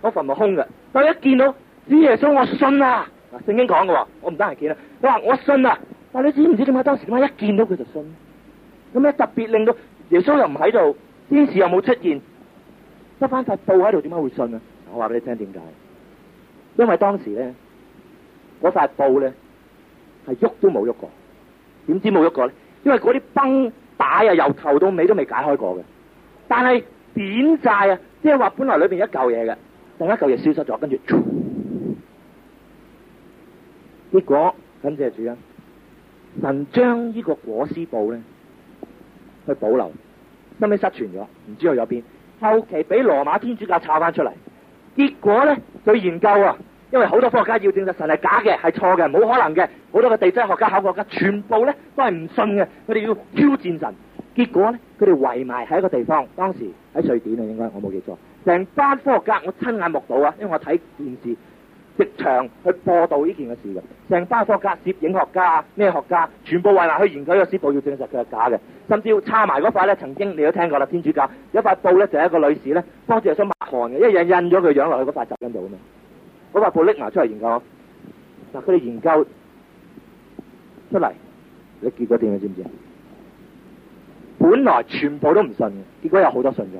個墳墓空嘅。但係一見到主耶穌，我信啊！聖經講嘅，我唔得閒講啦。佢話我信啊！但你知唔知點解當時點解一見到佢就信？咁咩特別令到耶穌又唔喺度，天使又冇出現，得翻塊布喺度，點解會信啊？我話俾你聽點解？因為當時咧。嗰塊布咧係喐都冇喐過，點知冇喐過咧？因為嗰啲繃帶啊，由頭到尾都未解開過嘅。但係扁曬啊，即係話本來裏邊一嚿嘢嘅，突然一嚿嘢消失咗，跟住，結果感謝主啊！神將呢個裹屍布咧去保留，後尾失傳咗，唔知道去咗邊。後期俾羅馬天主教抄翻出嚟，結果咧佢研究啊！因為好多科學家要證實神係假嘅，係錯嘅，冇可能嘅。好多個地質學家、考古學家，全部咧都係唔信嘅。佢哋要挑戰神，結果咧佢哋圍埋喺一個地方，當時喺瑞典啊，應該我冇記錯，成班科學家，我親眼目睹啊，因為我睇電視即場去播道呢件嘅事嘅。成班科學家、攝影學家、咩學家，全部圍埋去研究個屍布，要證實佢係假嘅。甚至要插埋嗰塊咧，曾經你都聽過啦，天主教有塊布咧，就係、是、一個女士咧，當時係想抹汗嘅，一樣印咗佢樣落去嗰塊枕巾度啊嘛。我話部拎埋出嚟研究，嗱佢哋研究出嚟，你結果點啊？知唔知？本來全部都唔信嘅，結果有好多信咗。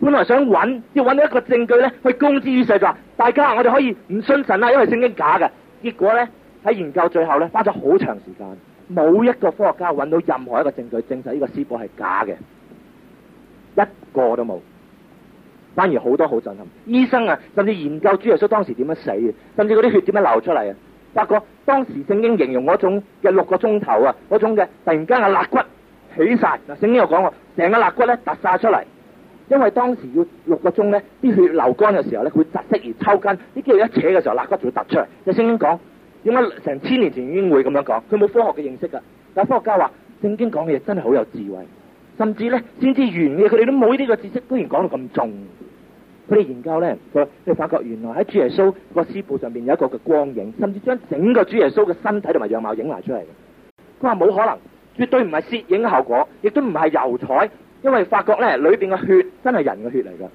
本來想揾，要揾到一個證據咧，去公之於世，就話大家我哋可以唔信神啦，因為聖經假嘅。結果咧喺研究最後咧，花咗好長時間，冇一個科學家揾到任何一個證據證實呢個書本係假嘅，一個都冇。反而好多好震撼，醫生啊，甚至研究主耶穌當時點樣死嘅，甚至嗰啲血點樣流出嚟啊？發覺當時聖經形容嗰種嘅六個鐘頭啊，嗰種嘅突然間嘅肋骨起晒。嗱聖經又講過，成個肋骨咧突晒出嚟，因為當時要六個鐘咧，啲血流乾嘅時候咧，佢窒息而抽筋，啲肌肉一扯嘅時候，肋骨就會突出嚟。有、就是、聖經講，點解成千年前已經會咁樣講？佢冇科學嘅認識㗎，但係科學家話聖經講嘅嘢真係好有智慧。甚至咧，先至完嘅，佢哋都冇呢啲個知識，居然講到咁重。佢哋研究咧，佢哋發覺原來喺主耶穌個屍布上面有一個嘅光影，甚至將整個主耶穌嘅身體同埋樣貌影埋出嚟。佢話冇可能，絕對唔係攝影嘅效果，亦都唔係油彩，因為發覺咧裏邊嘅血真係人嘅血嚟噶。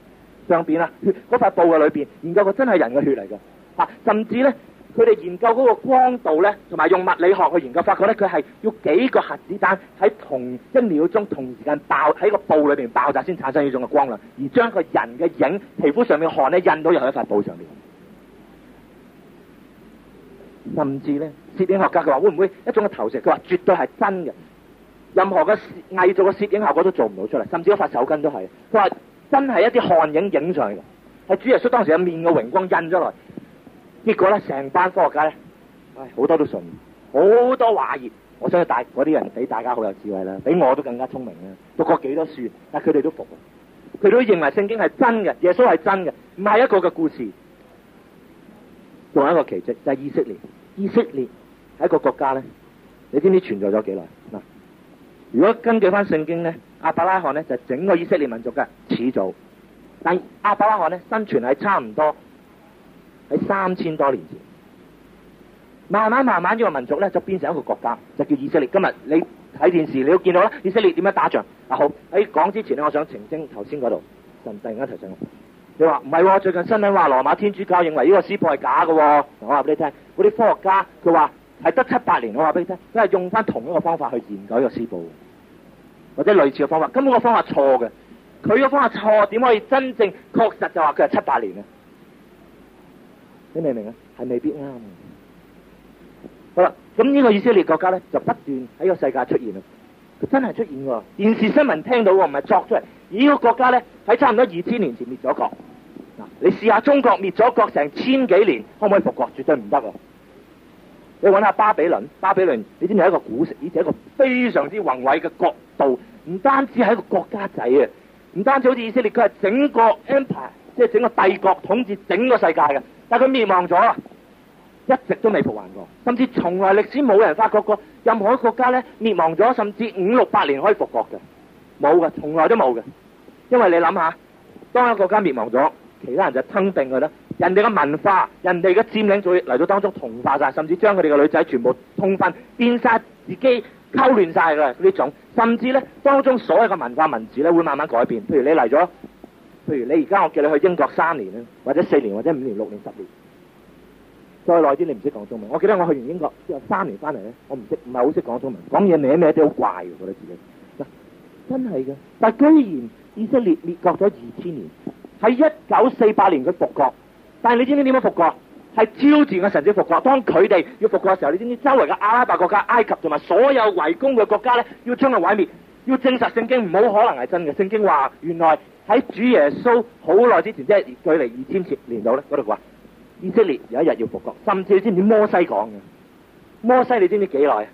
上邊啊，血嗰塊布嘅裏邊，研究個真係人嘅血嚟噶。啊，甚至咧。佢哋研究嗰個光度咧，同埋用物理學去研究，發覺咧佢係要幾個核子彈喺同一秒鐘同時間爆喺個布裏邊爆炸先產生呢種嘅光亮，而將個人嘅影、皮膚上面嘅汗咧印到入喺塊布上面。甚至咧攝影學家佢話，會唔會一種嘅投射？佢話絕對係真嘅，任何嘅偽造嘅攝影效果都做唔到出嚟，甚至嗰塊手巾都係。佢話真係一啲汗影影上嚟嘅，係主耶穌當時嘅面嘅榮光印咗落去。結果咧，成班科學家咧，唉，好多都信，好多話熱。我相信大嗰啲人比大家好有智慧啦，比我都更加聰明啦。讀過幾多書，但係佢哋都服，佢都認為聖經係真嘅，耶穌係真嘅，唔係一個嘅故事，仲有一個奇蹟就係、是、以色列。以色列係一個國家咧，你知唔知存在咗幾耐？嗱，如果根據翻聖經咧，阿伯拉罕咧就係整個以色列民族嘅始祖，但阿伯拉罕咧生存係差唔多。三千多年前，慢慢慢慢呢個民族咧就變成一個國家，就叫以色列。今日你睇電視，你都見到啦，以色列點樣打仗。嗱、啊、好，喺講之前咧，我想澄清頭先嗰度，神突然間提醒我。你話唔係最近新聞話羅馬天主教認為呢個屍布係假嘅，哦。我話俾你聽，嗰啲科學家佢話係得七八年。我話俾你聽，佢係用翻同一個方法去研究呢個屍布，或者類似嘅方法。根本個方法錯嘅，佢個方法錯，點可以真正確實就話佢係七八年啊？你明唔明啊？係未必啱。好啦，咁呢個以色列國家咧，就不斷喺個世界出現啊！佢真係出現喎，電視新聞聽到喎，唔係作出嚟。而個國家咧，喺差唔多二千年前滅咗國。嗱，你試下中國滅咗國成千幾年，可唔可以復國？絕對唔得。你搵下巴比倫，巴比倫，你知唔知係一個古城，而且一個非常之宏偉嘅國度，唔單止係一個國家仔啊，唔單止好似以色列，佢係整個 empire 即係整個帝國統治整個世界嘅，但係佢滅亡咗，一直都未復還過，甚至從來歷史冇人發覺過任何一個國家咧滅亡咗，甚至五六百年可以復國嘅，冇嘅，從來都冇嘅。因為你諗下，當一個國家滅亡咗，其他人就吞併佢啦。人哋嘅文化、人哋嘅佔領組嚟到當中同化晒，甚至將佢哋嘅女仔全部通婚，變晒自己溝亂晒嘅呢啲種，甚至咧當中所有嘅文化文字咧會慢慢改變。譬如你嚟咗。譬如你而家我叫你去英國三年咧，或者四年或者五年六年十年，再耐啲你唔識講中文。我記得我去完英國之後三年翻嚟咧，我唔識唔係好識講中文，講嘢咩咩都好怪，我覺得自己真係嘅。但係居然以色列滅國咗二千年，喺一九四八年佢復國，但係你知唔知點樣復國啊？係超自然嘅神子復國。當佢哋要復國嘅時候，你知唔知周圍嘅阿拉伯國家、埃及同埋所有圍攻嘅國家咧，要將佢毀滅，要證實聖經唔好可能係真嘅。聖經話原來。喺主耶穌好耐之前即係距離二千年度咧，嗰度話以色列有一日要復國，甚至你知唔知摩西講嘅？摩西你知唔知幾耐啊？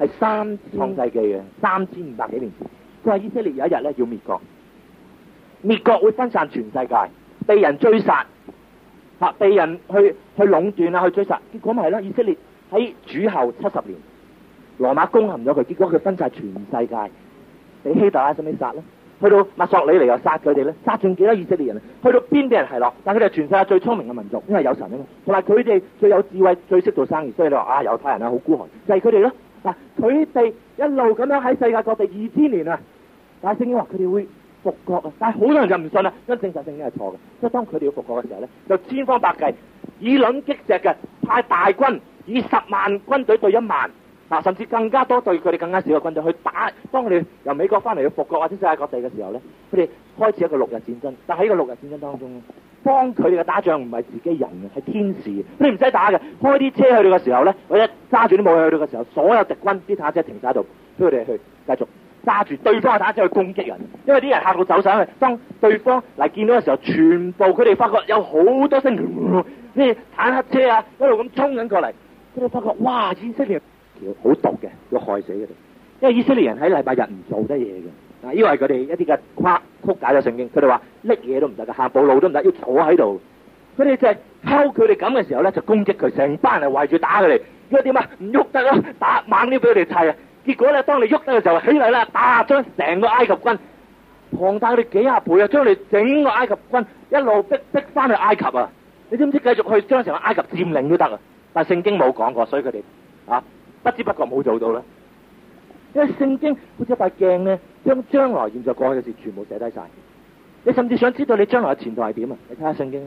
係三創世紀嘅三千五百幾年，佢話以色列有一日咧要滅國，滅國會分散全世界，被人追殺，吓、啊、被人去去壟斷啊，去追殺，結果咪係咯？以色列喺主後七十年，羅馬攻陷咗佢，結果佢分晒全世界俾希特拉點樣殺咧？去到墨索里尼又殺佢哋咧，殺盡幾多以色列人啊！去到邊啲人係咯？但佢哋係全世界最聰明嘅民族，因為有神啊嘛。同埋佢哋最有智慧、最識做生意，所以你話啊，猶太人啊好孤寒，就係佢哋咯。嗱，佢哋一路咁樣喺世界各地二千年啊，但係聖經話佢哋會復國啊，但係好多人就唔信啦，因為證實聖經係錯嘅。因為當佢哋要復國嘅時候咧，就千方百計以卵擊石嘅，派大軍以十萬軍隊對一萬。嗱，甚至更加多對佢哋更加少嘅軍隊去打，當佢哋由美國翻嚟去復國或者世界各地嘅時候咧，佢哋開始一個六日戰爭。但喺呢個六日戰爭當中，幫佢哋嘅打仗唔係自己人嘅，係天使佢哋唔使打嘅，開啲車去到嘅時候咧，或者揸住啲武器去到嘅時候，所有敵軍啲坦克車停晒喺度，俾佢哋去繼續揸住對方嘅坦克車去攻擊人，因為啲人嚇到走上去。當對方嚟見到嘅時候，全部佢哋發覺有好多聲，咩坦克車啊一路咁衝緊過嚟，佢哋發覺哇以色列。好毒嘅，要害死佢哋。因為以色列人喺禮拜日唔做得嘢嘅，啊，呢個佢哋一啲嘅誇曲解咗聖經。佢哋話搦嘢都唔得，行步路都唔得，要坐喺度。佢哋就係靠佢哋咁嘅時候咧，就攻擊佢，成班人圍住打佢哋。因為點啊，唔喐得啦，打猛啲俾佢哋砌啊。結果咧，當你喐得嘅時候，起嚟啦，打將成個埃及軍龐大佢哋幾廿倍啊，將你整個埃及軍一路逼逼翻去埃及啊。你知唔知繼續去將成個埃及佔領都得啊？但係聖經冇講過，所以佢哋啊。不知不覺冇做到咧，因為聖經好似一塊鏡咧，將將來、現在、過去嘅事全部寫低晒。你甚至想知道你將來嘅前途係點啊？你睇下聖經。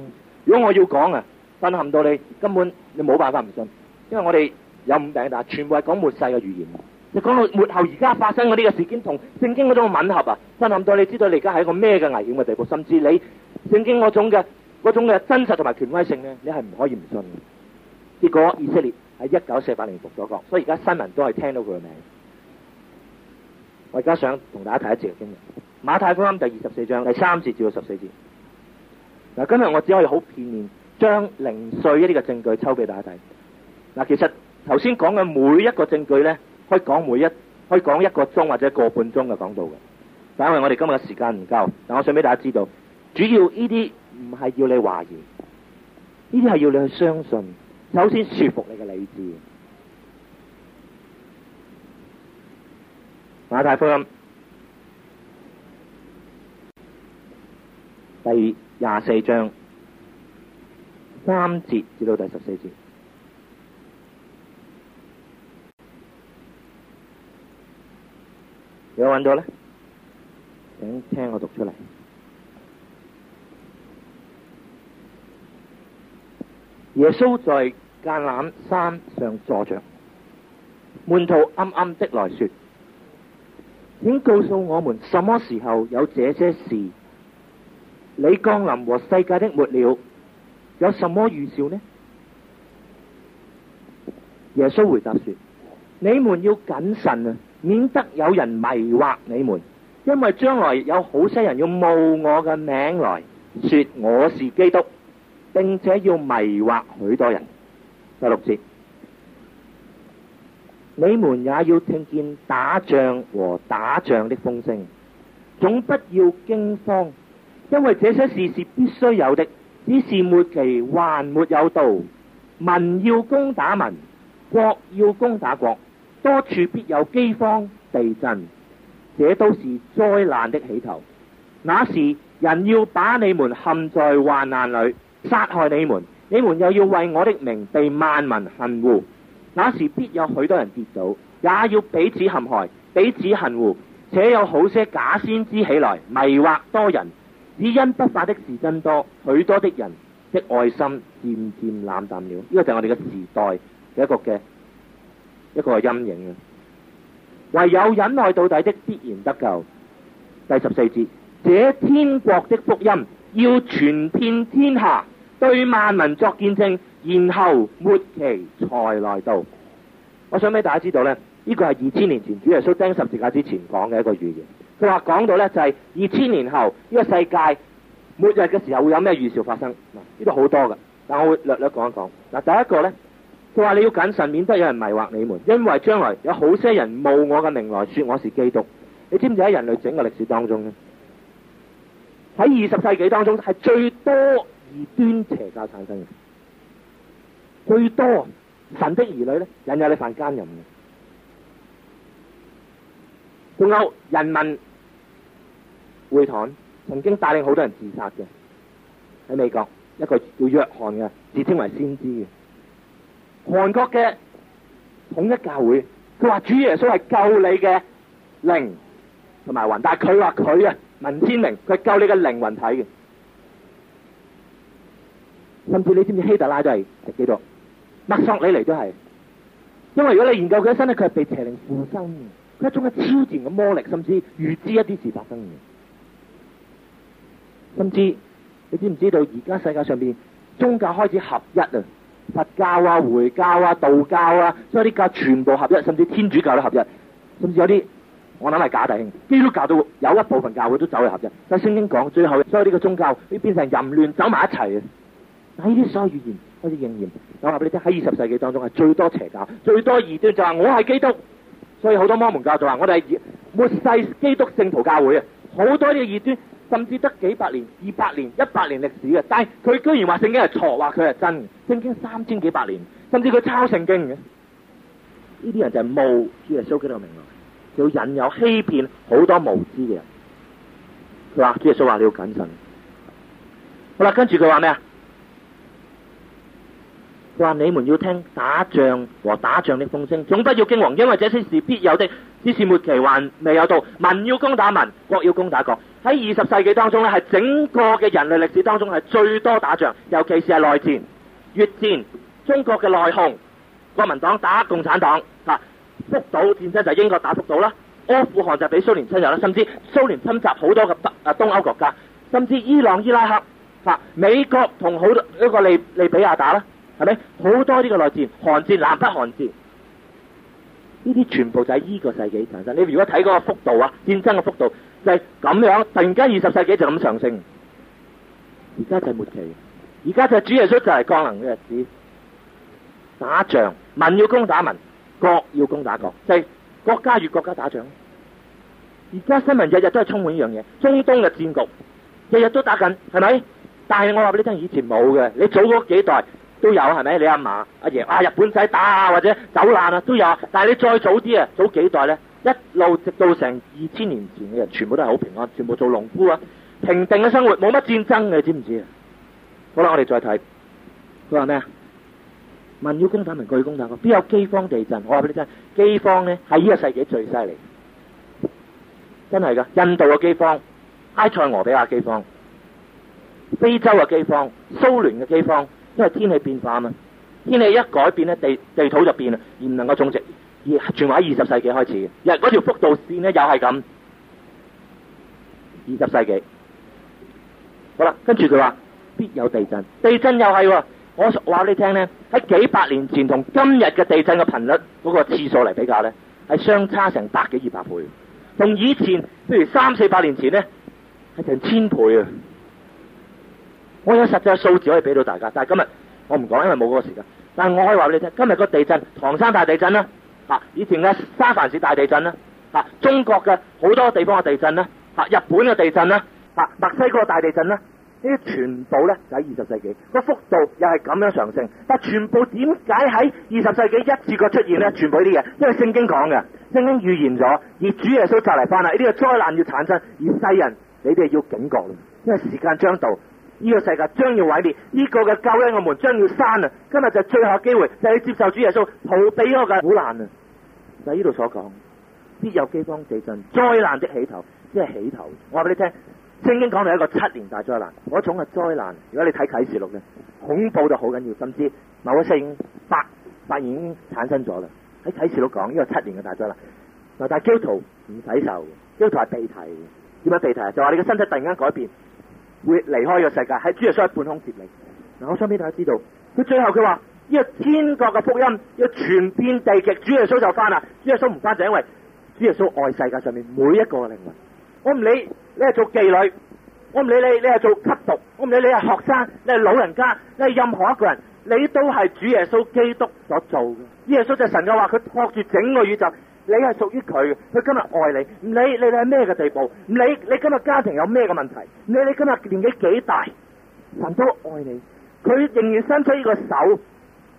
如果我要講啊，震撼到你，根本你冇辦法唔信，因為我哋有五餅大，全部係講末世嘅預言。你講到末後而家發生嗰啲嘅事件，同聖經嗰種吻合啊，震撼到你知道你而家係一個咩嘅危險嘅地步。甚至你聖經嗰種嘅嗰種嘅真實同埋權威性咧，你係唔可以唔信嘅。結果以色列喺一九四八年復咗國，所以而家新聞都係聽到佢嘅名。我而家想同大家睇一節嘅經文，馬太福音第二十四章，第三節至到十四節。嗱，今日我只可以好片面，將零碎一啲嘅證據抽俾大家睇。嗱，其實頭先講嘅每一個證據咧，可以講每一，可以講一個鐘或者個半鐘嘅講到嘅，
但係因為我哋
今日嘅時間唔夠，嗱，我想俾大家知道，主要呢啲唔係要你懷疑，呢啲係要你去相信。首先說服你嘅理智。馬太福音第二廿四章三節至到第十四節，有揾到咧？請聽我讀出嚟。耶穌在橄欖山上坐着，門徒暗暗的來說：請告訴我們，什麼時候有這些事？你降臨和世界的末了，有什麼預兆呢？耶穌回答說：你們要謹慎啊，免得有人迷惑你們，因為將來有好些人要冒我嘅名來說我是基督。並且要迷惑許多人。第六節，你們也要聽見打仗和打仗的風聲，總不要驚慌，因爲這些事是必須有的，只是末期還沒有到。民要攻打民，國要攻打國，多處必有饑荒、地震，這都是災難的起頭。那時，人要把你們陷在患難裏。殺害你們，你們又要為我的名被萬民恨惡。那時必有許多人跌倒，也要彼此陷害，彼此恨惡。且有好些假先知起來，迷惑多人。只因不法的事真多，許多的人的愛心漸漸冷淡了。呢個就係我哋嘅時代嘅一個嘅一個陰影啊！唯有忍耐到底的，必然得救。第十四節，這天國的福音。要傳遍天下，對萬民作見證，然後末期才來到。我想俾大家知道呢呢、呢個係二千年前主耶穌釘十字架之前講嘅一個預言。佢話講到呢，就係二千年後呢、呢個世界末日嘅時候會有咩預兆發生？呢度好多噶，但我會略略講一講。嗱，第一個呢，佢話你要謹慎，免得有人迷惑你們，因為將來有好些人冒我嘅名來說我是基督。你知唔知喺人類整個歷史當中呢喺二十世紀當中係最多異端邪教產生嘅，最多神的兒女咧引入你犯奸淫，仲有人民會堂曾經帶領好多人自殺嘅，喺美國一個叫約翰嘅自稱為先知嘅，韓國嘅統一教會佢話主耶穌係救你嘅靈同埋魂，但係佢話佢啊。文天明佢救你嘅靈魂體嘅，甚至你知唔知希特拉都係食基督，墨索里尼都係，因為如果你研究佢一生呢，佢係被邪靈附身，佢一種嘅超自然嘅魔力，甚至預知一啲事發生嘅，甚至你知唔知道而家世界上邊宗教開始合一啊，佛教啊、回教啊、道教啊，所以有啲教全部合一，甚至天主教都合一，甚至有啲。我諗係假大兄，基督教都有一部分教會都走入合嘅，但聖經講最後，所有呢個宗教你變成淫亂，走埋一齊嘅。嗱，呢啲所有預言，我哋應驗。我話俾你聽，喺二十世紀當中係最多邪教，最多異端，就話我係基督。所以好多摩門教就話我哋係末世基督聖徒教會啊。好多呢個異端，甚至得幾百年、二百年、一百年歷史嘅，但係佢居然話聖經係錯，話佢係真。聖經三千幾百年，甚至佢抄聖經嘅。呢啲人就係冒，主要收名要引誘欺騙好多無知嘅人佢話，嗱，耶穌話你要謹慎。好啦，跟住佢話咩啊？佢話你們要聽打仗和打仗的風聲，總不要驚惶，因為這些事必有的，只是末期還未有到。民要攻打民，國要攻打國。喺二十世紀當中咧，係整個嘅人類歷史當中係最多打仗，尤其是係內戰、越戰，中國嘅內訌，國民黨打共產黨福島戰爭就係英國打福島啦，阿富汗就俾蘇聯侵入啦，甚至蘇聯侵襲好多嘅北啊東歐國家，甚至伊朗、伊拉克，吓美國同好多一個利利比亞打啦，係咪？好多呢個內戰、韓戰、南北韓戰，呢啲全部就喺呢個世紀產生。你如果睇嗰個幅度啊，戰爭嘅幅度就係、是、咁樣，突然間二十世紀就咁上升，而家就末期，而家就主耶穌就係降臨嘅日子，打仗民要攻打民。國要攻打國，就係國家與國家打仗。而家新聞日日都係充滿一樣嘢，中東嘅戰局日日都打緊，係咪？但係我話俾你聽，以前冇嘅。你早嗰幾代都有，係咪？你阿嫲、阿爺啊，日本仔打啊，或者走難啊，都有。但係你再早啲啊，早幾代咧，一路直到成二千年前嘅人，全部都係好平安，全部做農夫啊，平定嘅生活，冇乜戰爭嘅，知唔知啊？好啦，我哋再睇佢話咩啊？他民要攻打民，國要攻打國。必有饑荒、地震。我話俾你聽，饑荒咧係呢是這個世紀最犀利，真係噶。印度嘅饑荒，埃塞俄比亞嘅饑荒，非洲嘅饑荒，蘇聯嘅饑荒，因為天氣變化嘛。天氣一改變咧，地地土就變啦，而唔能夠種植，而全部喺二十世紀開始嘅。日嗰條幅度線咧又係咁，二十世紀。好啦，跟住佢話必有地震，地震又係。我話你聽咧，喺幾百年前同今日嘅地震嘅頻率嗰個次數嚟比較咧，係相差成百幾二百倍。同以前譬如三四百年前咧，係成千倍啊！我有實際數字可以俾到大家，但係今日我唔講，因為冇嗰個時間。但係我可以話俾你聽，今日個地震，唐山大地震啦，以前嘅三藩市大地震啦，中國嘅好多地方嘅地震啦，日本嘅地震啦，墨西哥的大地震啦。呢啲全部咧就喺二十世紀，個幅度又係咁樣上升。但係全部點解喺二十世紀一次過出現咧？全部呢啲嘢，因為聖經講嘅，聖經預言咗，而主耶穌就嚟翻啦。呢、這個災難要產生，而世人你哋要警覺，因為時間將到，呢、這個世界將要毀滅，呢、這個嘅救恩我們將要刪啊！今日就最後機會，就去、是、接受主耶穌，逃避我嘅苦難啊！就呢、是、度所講，必有饑荒地震，災難的起頭，即係起頭。我話俾你聽。正經講到一個七年大災難，嗰種嘅災難，如果你睇啟示錄嘅，恐怖到好緊要，甚至某性發發現已經產生咗啦。喺啟示錄講呢、這個七年嘅大災難，嗱但係基督徒唔使受，基督徒係被提，點解被提啊？就話你嘅身體突然間改變，會離開個世界，喺主耶穌喺半空接你。
嗱，我想俾大
家知道，佢最後佢話呢個天國嘅福音要、這個、傳遍地極，主耶穌就翻啦。主耶穌唔翻就是、因為主耶穌愛世界上面每一個靈魂，我唔理。你係做妓女，我唔理你；你係做吸毒，我唔理你；係學生，你係老人家，你係任何一個人，你都係主耶穌基督所做嘅。耶穌就神就話，佢托住整個宇宙，你係屬於佢。佢今日愛你，唔理你係咩嘅地步，唔理你今日家庭有咩嘅問題，唔理你今日年紀幾大，神都愛你。佢仍然伸出呢個手，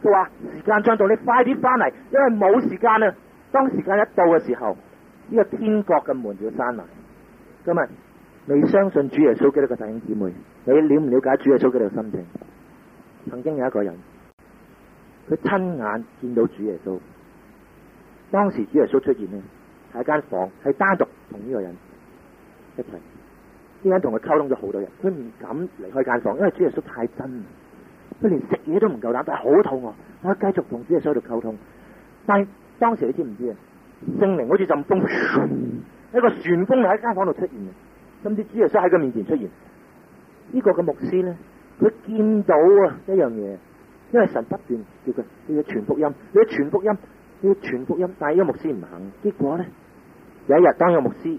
佢話時間將到，你快啲翻嚟，因為冇時間啊！當時間一到嘅時候，呢個天國嘅門要閂埋，咁啊！你相信主耶穌基督嘅弟兄姊妹，你了唔了解主耶穌基督嘅心情？曾經有一個人，佢親眼見到主耶穌。當時主耶穌出現呢，喺間房，係單獨同呢個人一齊。呢個人同佢溝通咗好多人，佢唔敢離開間房，因為主耶穌太真。佢連食嘢都唔夠膽，但係好肚餓啊！佢繼續同主耶穌喺度溝通。但係當時你知唔知啊？聖靈好似陣風，一個旋風喺間房度出現。甚至主耶穌喺佢面前出現，呢個嘅牧師咧，佢見到啊一樣嘢，因為神不斷叫佢，叫佢傳福音，叫佢傳福音，叫佢傳福音，但係呢個牧師唔肯，結果咧有一日當個牧師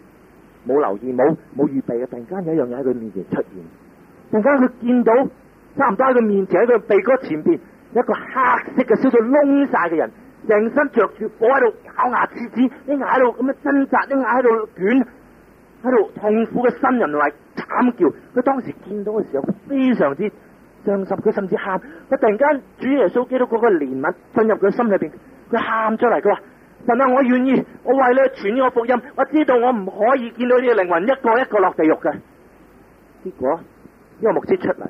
冇留意冇冇預備嘅，突然間有一樣嘢喺佢面前出現，突然間佢見到差唔多喺佢面前喺佢鼻哥前邊一個黑色嘅燒到窿晒嘅人，成身着住火喺度咬牙切齒，咧喺度咁樣掙扎，咧喺度捲，喺度痛苦嘅新人嚟慘叫，佢當時見到嘅時候非常之傷心，佢甚至喊。佢突然間主耶穌基督嗰個憐憫進入佢心裏邊，佢喊出嚟，佢話神啊，我願意，我為你傳呢個福音。我知道我唔可以見到你嘅靈魂一個一個落地獄嘅。結果呢、這個牧師出嚟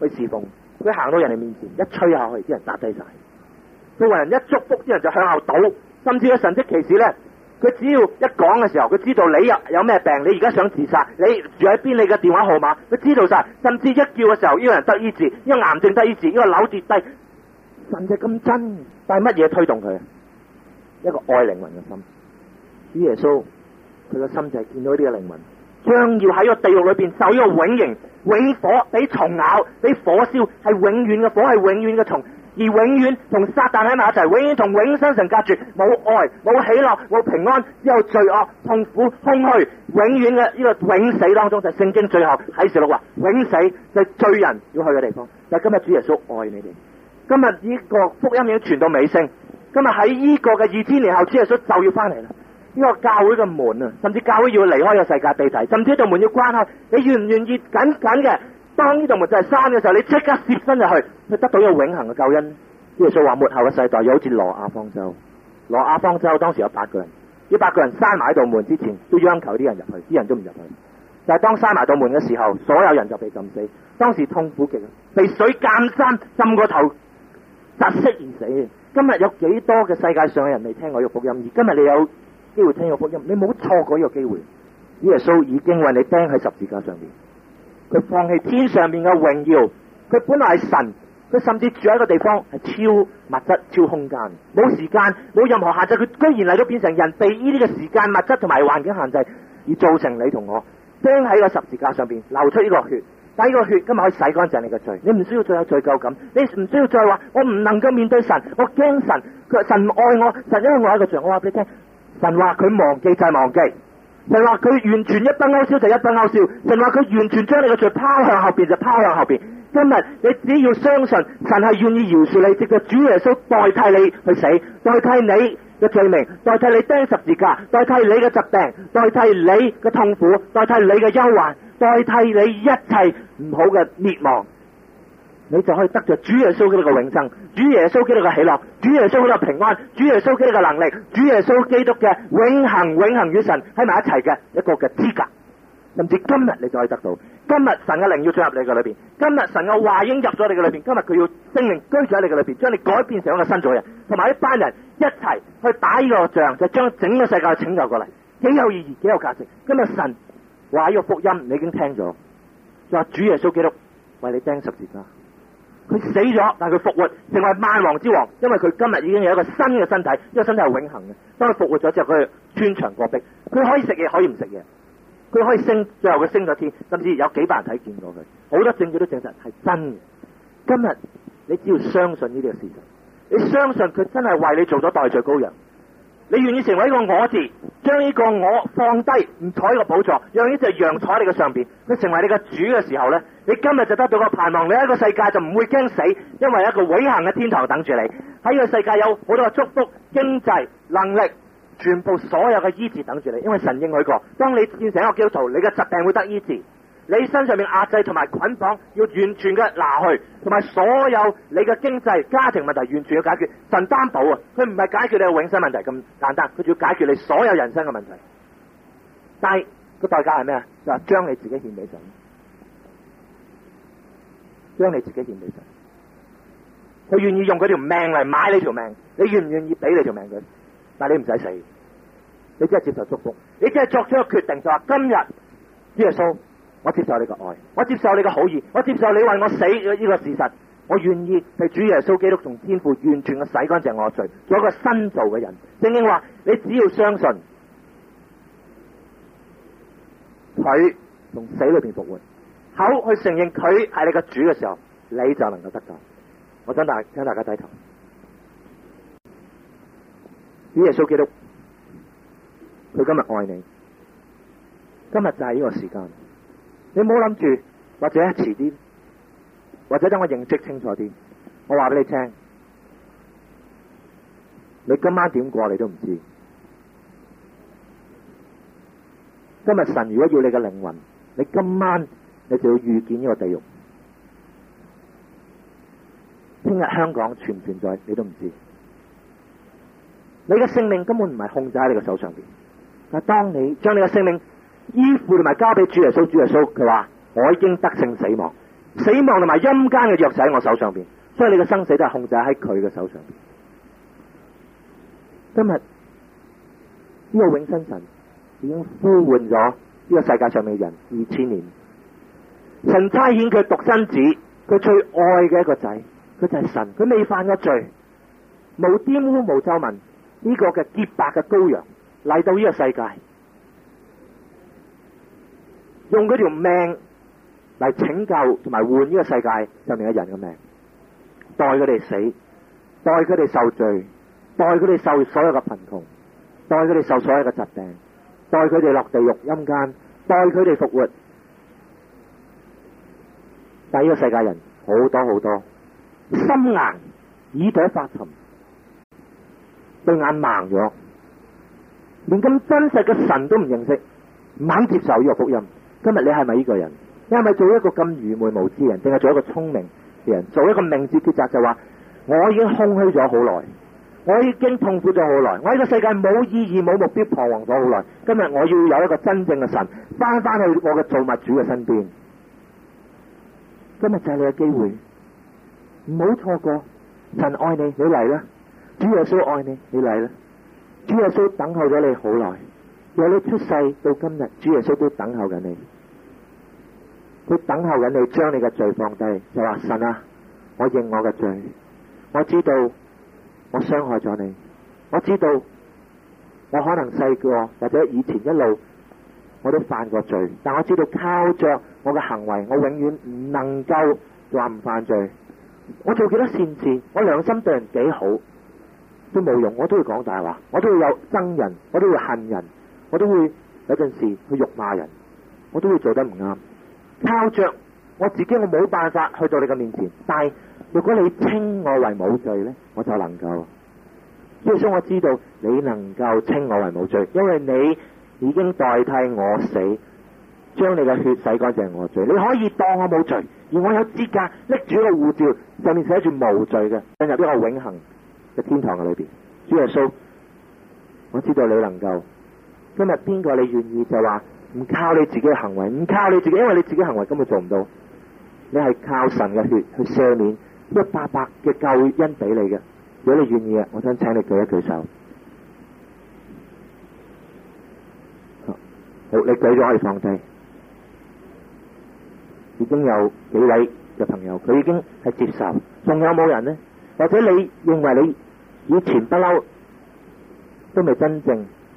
佢侍奉，佢行到人哋面前一吹下去，啲人打低晒。佢為人一祝福，啲人就向後倒，甚至神蹟奇事咧。佢只要一講嘅時候，佢知道你有有咩病，你而家想自殺，你住喺邊，你嘅電話號碼，佢知道晒，甚至一叫嘅時候，呢個人得醫治，呢個癌症得醫治，呢個樓跌低，神就咁真，但係乜嘢推動佢？一個愛靈魂嘅心，主耶穌佢個心就係見到呢個靈魂將要喺個地獄裏邊受一個永刑、永火、俾蟲咬、俾火燒，係永遠嘅火，係永遠嘅蟲。而永遠同撒旦喺埋一齊，永遠同永生神隔住，冇愛、冇喜樂、冇平安，只有罪惡、痛苦、空虛，永遠嘅呢個永死當中。就聖、是、經最後喺十六話，永死就係罪人要去嘅地方。但、就、係、是、今日主耶穌愛你哋，今日呢個福音已經傳到尾聲，今日喺呢個嘅二千年後，主耶穌就要翻嚟啦。呢、這個教會嘅門啊，甚至教會要離開個世界地底，甚至一道門要關下。你願唔願意緊緊嘅？當呢道門就係閂嘅時候，你即刻脫身入去，你得到一個永恒嘅救恩。耶穌話，末後嘅世代，又好似羅亞方舟，羅亞方舟當時有八個人，呢八個人閂埋呢道門之前，都央求啲人入去，啲人都唔入去。但係當閂埋道門嘅時候，所有人就被浸死。當時痛苦極，被水間山浸過頭窒息而死。今日有幾多嘅世界上嘅人未聽過呢個福音？而今日你有機會聽過福音，你唔好錯過呢個機會。耶穌已經為你釘喺十字架上面。佢放棄天上面嘅榮耀，佢本來係神，佢甚至住喺一個地方係超物質、超空間，冇時間，冇任何限制。佢居然嚟到變成人，被呢啲嘅時間、物質同埋環境限制，而造成你同我釘喺個十字架上邊流出呢個血。但呢個血今日可以洗乾淨你嘅罪，你唔需要再有罪疚感，你唔需要再話我唔能夠面對神，我驚神，佢神唔愛我，神因為我有一個罪。我話俾你聽，神話佢忘記就係忘記。神話佢完全一筆勾銷就一筆勾銷，神話佢完全將你嘅罪拋向後邊就拋向後邊，因為，你只要相信神係願意饒恕你，藉著主耶穌代替你去死，代替你嘅罪名，代替你釘十字架，代替你嘅疾病，代替你嘅痛苦，代替你嘅憂患，代替你一切唔好嘅滅亡。你就可以得着主耶穌基督嘅永生，主耶穌基督嘅喜樂，主耶穌基督嘅平安，主耶穌基督嘅能力，主耶穌基督嘅永恒、永恒與神喺埋一齊嘅一個嘅資格，甚至今日你就可以得到。今日神嘅靈要進入你嘅裏邊，今日神嘅話應入咗你嘅裏邊，今日佢要聖靈居住喺你嘅裏邊，將你改變成一個新造人，同埋一班人一齊去打呢個仗，就將整個世界去拯救過嚟，幾有意義，幾有價值。今日神話要、這個、福音，你已經聽咗，就話主耶穌基督為你釘十字架。佢死咗，但係佢復活，成為萬王之王，因為佢今日已經有一個新嘅身體，呢個身體係永恆嘅。當佢復活咗之後，佢穿牆過壁，佢可以食嘢，可以唔食嘢，佢可以升，最後佢升咗天，甚至有幾百人睇見過佢，好多證據都證實係真嘅。今日你只要相信呢啲嘅事實，你相信佢真係為你做咗代罪羔羊。你願意成為一個我字，將呢、這個我放低，唔坐呢個寶座，讓呢隻羊坐喺你嘅上面。你成為你嘅主嘅時候呢，你今日就得到一個盼望，你喺個世界就唔會驚死，因為一個永恆嘅天堂等住你，喺呢個世界有好多嘅祝福、經濟、能力，全部所有嘅醫治等住你，因為神應許過，當你變成一個基督徒，你嘅疾病會得醫治。你身上面壓制同埋捆綁要完全嘅拿去，同埋所有你嘅經濟、家庭問題完全要解決。神擔保啊，佢唔係解決你嘅永生問題咁簡單，佢仲要解決你所有人生嘅問題。但係個代價係咩啊？就係將你自己獻俾神，將你自己獻俾神。佢願意用佢條命嚟買你條命，你願唔願意俾你條命佢？但，你唔使死，你只係接受祝福，你只係作出一個決定，就話今日耶穌。我接受你個愛，我接受你個好意，我接受你為我死咗呢個事實，我願意係主耶穌基督同天父完全嘅洗乾淨我罪，做一個新造嘅人。聖經話：你只要相信佢從死裏邊復活，口去承認佢係你個主嘅時候，你就能夠得救。我想大，請大家低頭，主耶穌基督，佢今日愛你，今日就係呢個時間。你唔好諗住，或者遲啲，或者等我認識清楚啲。我話俾你聽，你今晚點過你都唔知。今日神如果要你嘅靈魂，你今晚你就要遇見呢個地獄。聽日香港存唔存在你都唔知。你嘅性命根本唔係控制喺你嘅手上邊。但係當你將你嘅性命，依附同埋交俾主耶穌，主耶穌佢話，我已經得勝死亡，死亡同埋陰間嘅鑰匙喺我手上邊，所以你嘅生死都係控制喺佢嘅手上。今日呢個永生神已經呼喚咗呢個世界上面嘅人二千年，神差遣佢獨生子，佢最愛嘅一個仔，佢就係神，佢未犯過罪，無玷污無咒文，呢個嘅潔白嘅羔羊嚟到呢個世界。用佢條命嚟拯救同埋換呢個世界上面嘅人嘅命，代佢哋死，代佢哋受罪，代佢哋受所有嘅貧窮，代佢哋受所有嘅疾病，代佢哋落地獄陰間，代佢哋復活。但係呢個世界人好多好多心硬，耳朵發沉，對眼盲咗，連咁真實嘅神都唔認識，唔肯接受呢個福音。今日你係咪呢個人？你係咪做一個咁愚昧無知人，定係做一個聰明嘅人？做一個明智抉擇就話：我已經空虛咗好耐，我已經痛苦咗好耐，我呢個世界冇意義、冇目標，彷徨咗好耐。今日我要有一個真正嘅神，翻翻去我嘅造物主嘅身邊。今日就係你嘅機會，唔好錯過。神愛你，你嚟啦！主耶穌愛你，你嚟啦！主耶穌等候咗你好耐。由你出世到今日，主耶穌都等候緊你，佢等候緊你，將你嘅罪放低，就話，神啊，我認我嘅罪，我知道我傷害咗你，我知道我可能細個或者以前一路我都犯過罪，但我知道靠著我嘅行為，我永遠唔能夠話唔犯罪。我做幾多善事，我良心對人幾好，都冇用，我都會講大話，我都會有憎人，我都會恨人。我都會有陣時去辱罵人，我都會做得唔啱。靠着我自己，我冇辦法去到你嘅面前。但係，如果你稱我為冇罪呢，我就能夠。耶穌，我知道你能夠稱我為冇罪，因為你已經代替我死，將你嘅血洗乾淨我罪。你可以當我冇罪，而我有資格拎住個護照上面寫住無罪嘅，進入呢個永恆嘅天堂嘅裏邊。主耶穌，我知道你能夠。今日邊個你願意就話唔靠你自己嘅行為，唔靠你自己，因為你自己行為根本做唔到。你係靠神嘅血去赦免一百百嘅救恩俾你嘅。如果你願意啊，我想請你舉一舉手。好，你舉咗可以放低。已經有幾位嘅朋友，佢已經係接受。仲有冇人呢？或者你認為你以前不嬲都未真正？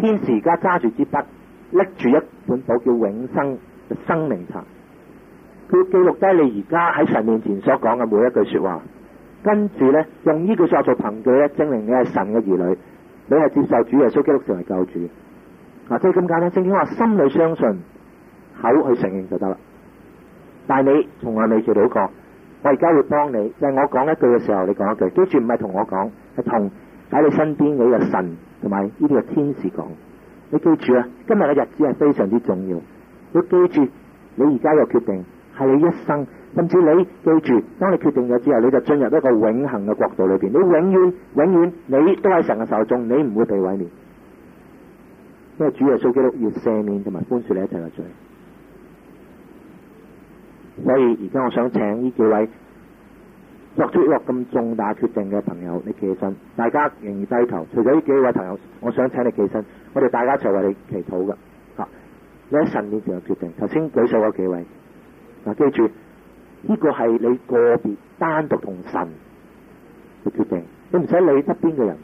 天使而家揸住支筆，拎住一本簿叫永生嘅生命冊，佢記錄低你而家喺神面前所講嘅每一句說話，跟住咧用呢句說話做憑據咧證明你係神嘅兒女，你係接受主耶穌基督成為救主。嗱、啊，即係咁簡單，聖經話心裏相信，口去承認就得啦。但係你從來未做到過，我而家會幫你，就係、是、我講一句嘅時候，你講一句，記住不是跟住唔係同我講，係同喺你身邊嘅呢個神。同埋呢啲係天使講，你記住啊，今日嘅日子係非常之重要。你要記住，你而家個決定係你一生，甚至你記住，當你決定咗之後，你就進入一個永恆嘅國度裏邊，你永遠永遠你都喺神嘅受眾，你唔會被毀滅，因為主耶穌基督要赦免同埋寬恕你一切嘅罪。所以而家我想請呢幾位。作出一個咁重大決定嘅朋友，你企起身，大家仍然低頭。除咗呢幾位朋友，我想請你企起身，我哋大家一齊為你祈禱㗎。吓、啊，你喺神面前有決定。頭先舉手嗰幾位，嗱、啊，記住呢、這個係你個別單獨同神嘅決定，你唔使理得邊嘅人，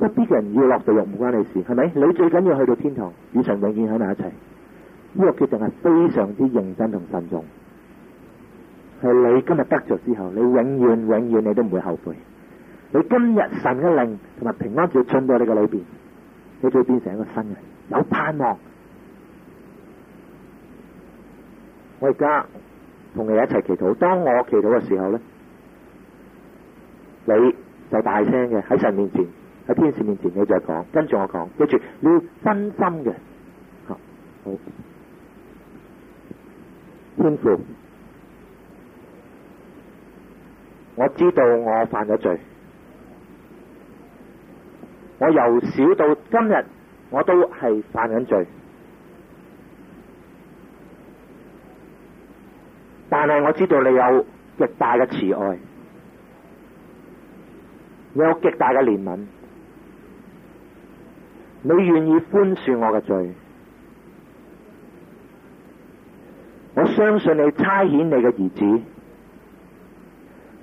得邊嘅人要落地獄唔關你事，係咪？你最緊要去到天堂，與神永遠喺埋一齊。呢、這個決定係非常之認真同慎重。係你今日得咗之後，你永遠永遠你都唔會後悔。你今日神嘅靈同埋平安就進到你嘅裏邊，你就會變成一個新人，有盼望。我而家同你一齊祈禱，當我祈禱嘅時候咧，你就大聲嘅喺神面前，喺天使面前，你就講，跟住我講，跟住你要真心嘅。好，天父。我知道我犯咗罪，我由小到今日我都係犯咗罪，但係我知道你有極大嘅慈愛，你有極大嘅憐憫，你願意寬恕我嘅罪，我相信你差遣你嘅兒子。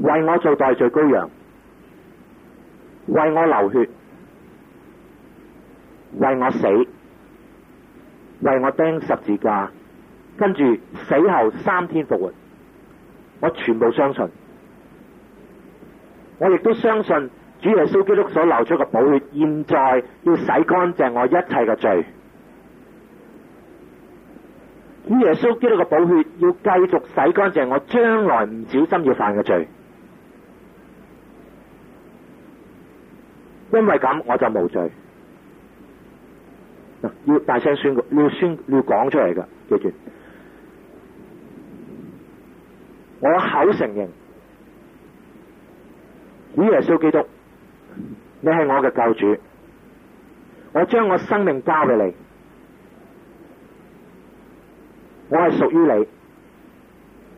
為我做代罪羔羊，為我流血，為我死，為我釘十字架，跟住死後三天復活，我全部相信。我亦都相信，主耶穌基督所流出嘅寶血，現在要洗乾淨我一切嘅罪。主耶穌基督嘅寶血要繼續洗乾淨我將來唔小心要犯嘅罪。因為咁我就無罪。要大聲宣告，要宣告，要講出嚟噶記住。我有口承認，以耶穌基督，你係我嘅救主，我將我生命交俾你，我係屬於你，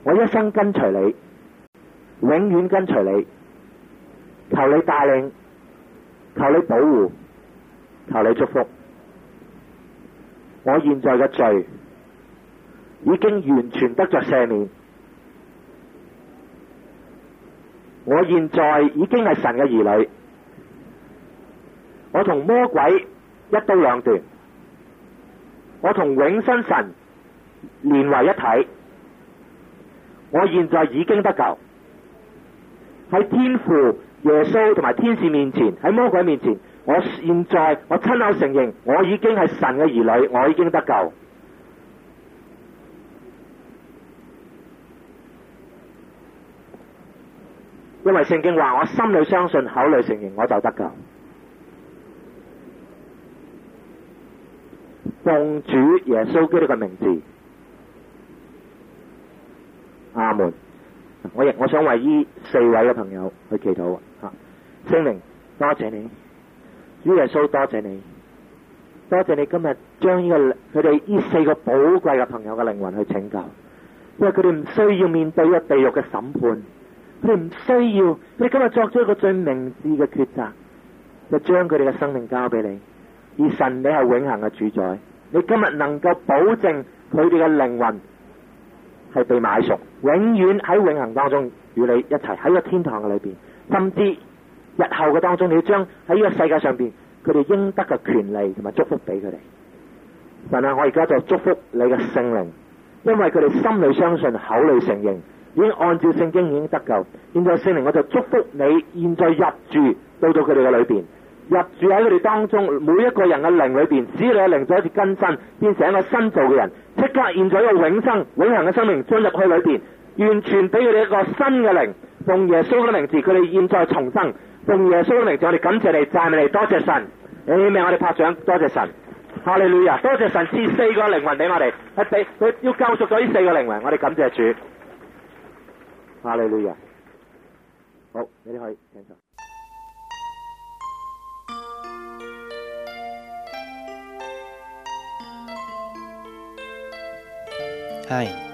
我一生跟隨你，永遠跟隨你，求你帶領。靠你保護，靠你祝福。我現在嘅罪已經完全得着赦免，我現在已經係神嘅兒女，我同魔鬼一刀兩斷，我同永生神連為一體，我現在已經得救喺天父。耶穌同埋天使面前，喺魔鬼面前，我現在我親口承認，我已經係神嘅兒女，我已經得救。因為聖經話，我心裡相信，口裡承認，我就得救。奉主耶穌基督嘅名字，阿門。我亦我想為依四位嘅朋友去祈禱，啊，聖靈多謝你，主耶穌多謝你，多謝你今日將呢個佢哋依四個寶貴嘅朋友嘅靈魂去拯救，因為佢哋唔需要面對一個地獄嘅審判，佢哋唔需要，你今日作出一個最明智嘅抉擇，就將佢哋嘅生命交俾你，而神你係永恆嘅主宰，你今日能夠保證佢哋嘅靈魂係被買贖。永遠喺永恒當中與你一齊喺呢個天堂嘅裏邊，甚至日後嘅當中，你要將喺呢個世界上邊佢哋應得嘅權利同埋祝福俾佢哋。但係，我而家就祝福你嘅聖靈，因為佢哋心裏相信、口裏承認，已經按照聖經已經得救。現在聖靈，我就祝福你，現在入住到到佢哋嘅裏邊，入住喺佢哋當中每一個人嘅靈裏邊，只要你嘅靈開始更新，變成一個新造嘅人，即刻現在一個永生永恒嘅生命進入去裏邊。完全俾佢哋一個新嘅靈，奉耶穌嘅名字，佢哋現在重生，奉耶穌嘅名字，我哋感謝你，讚美你，多謝神，你起命我哋拍掌，多謝神，哈利路亞，多謝神賜四個靈魂俾我哋，係俾佢要救贖咗呢四個靈魂，我哋感謝主，哈利路亞，好，你哋可以請坐，
係。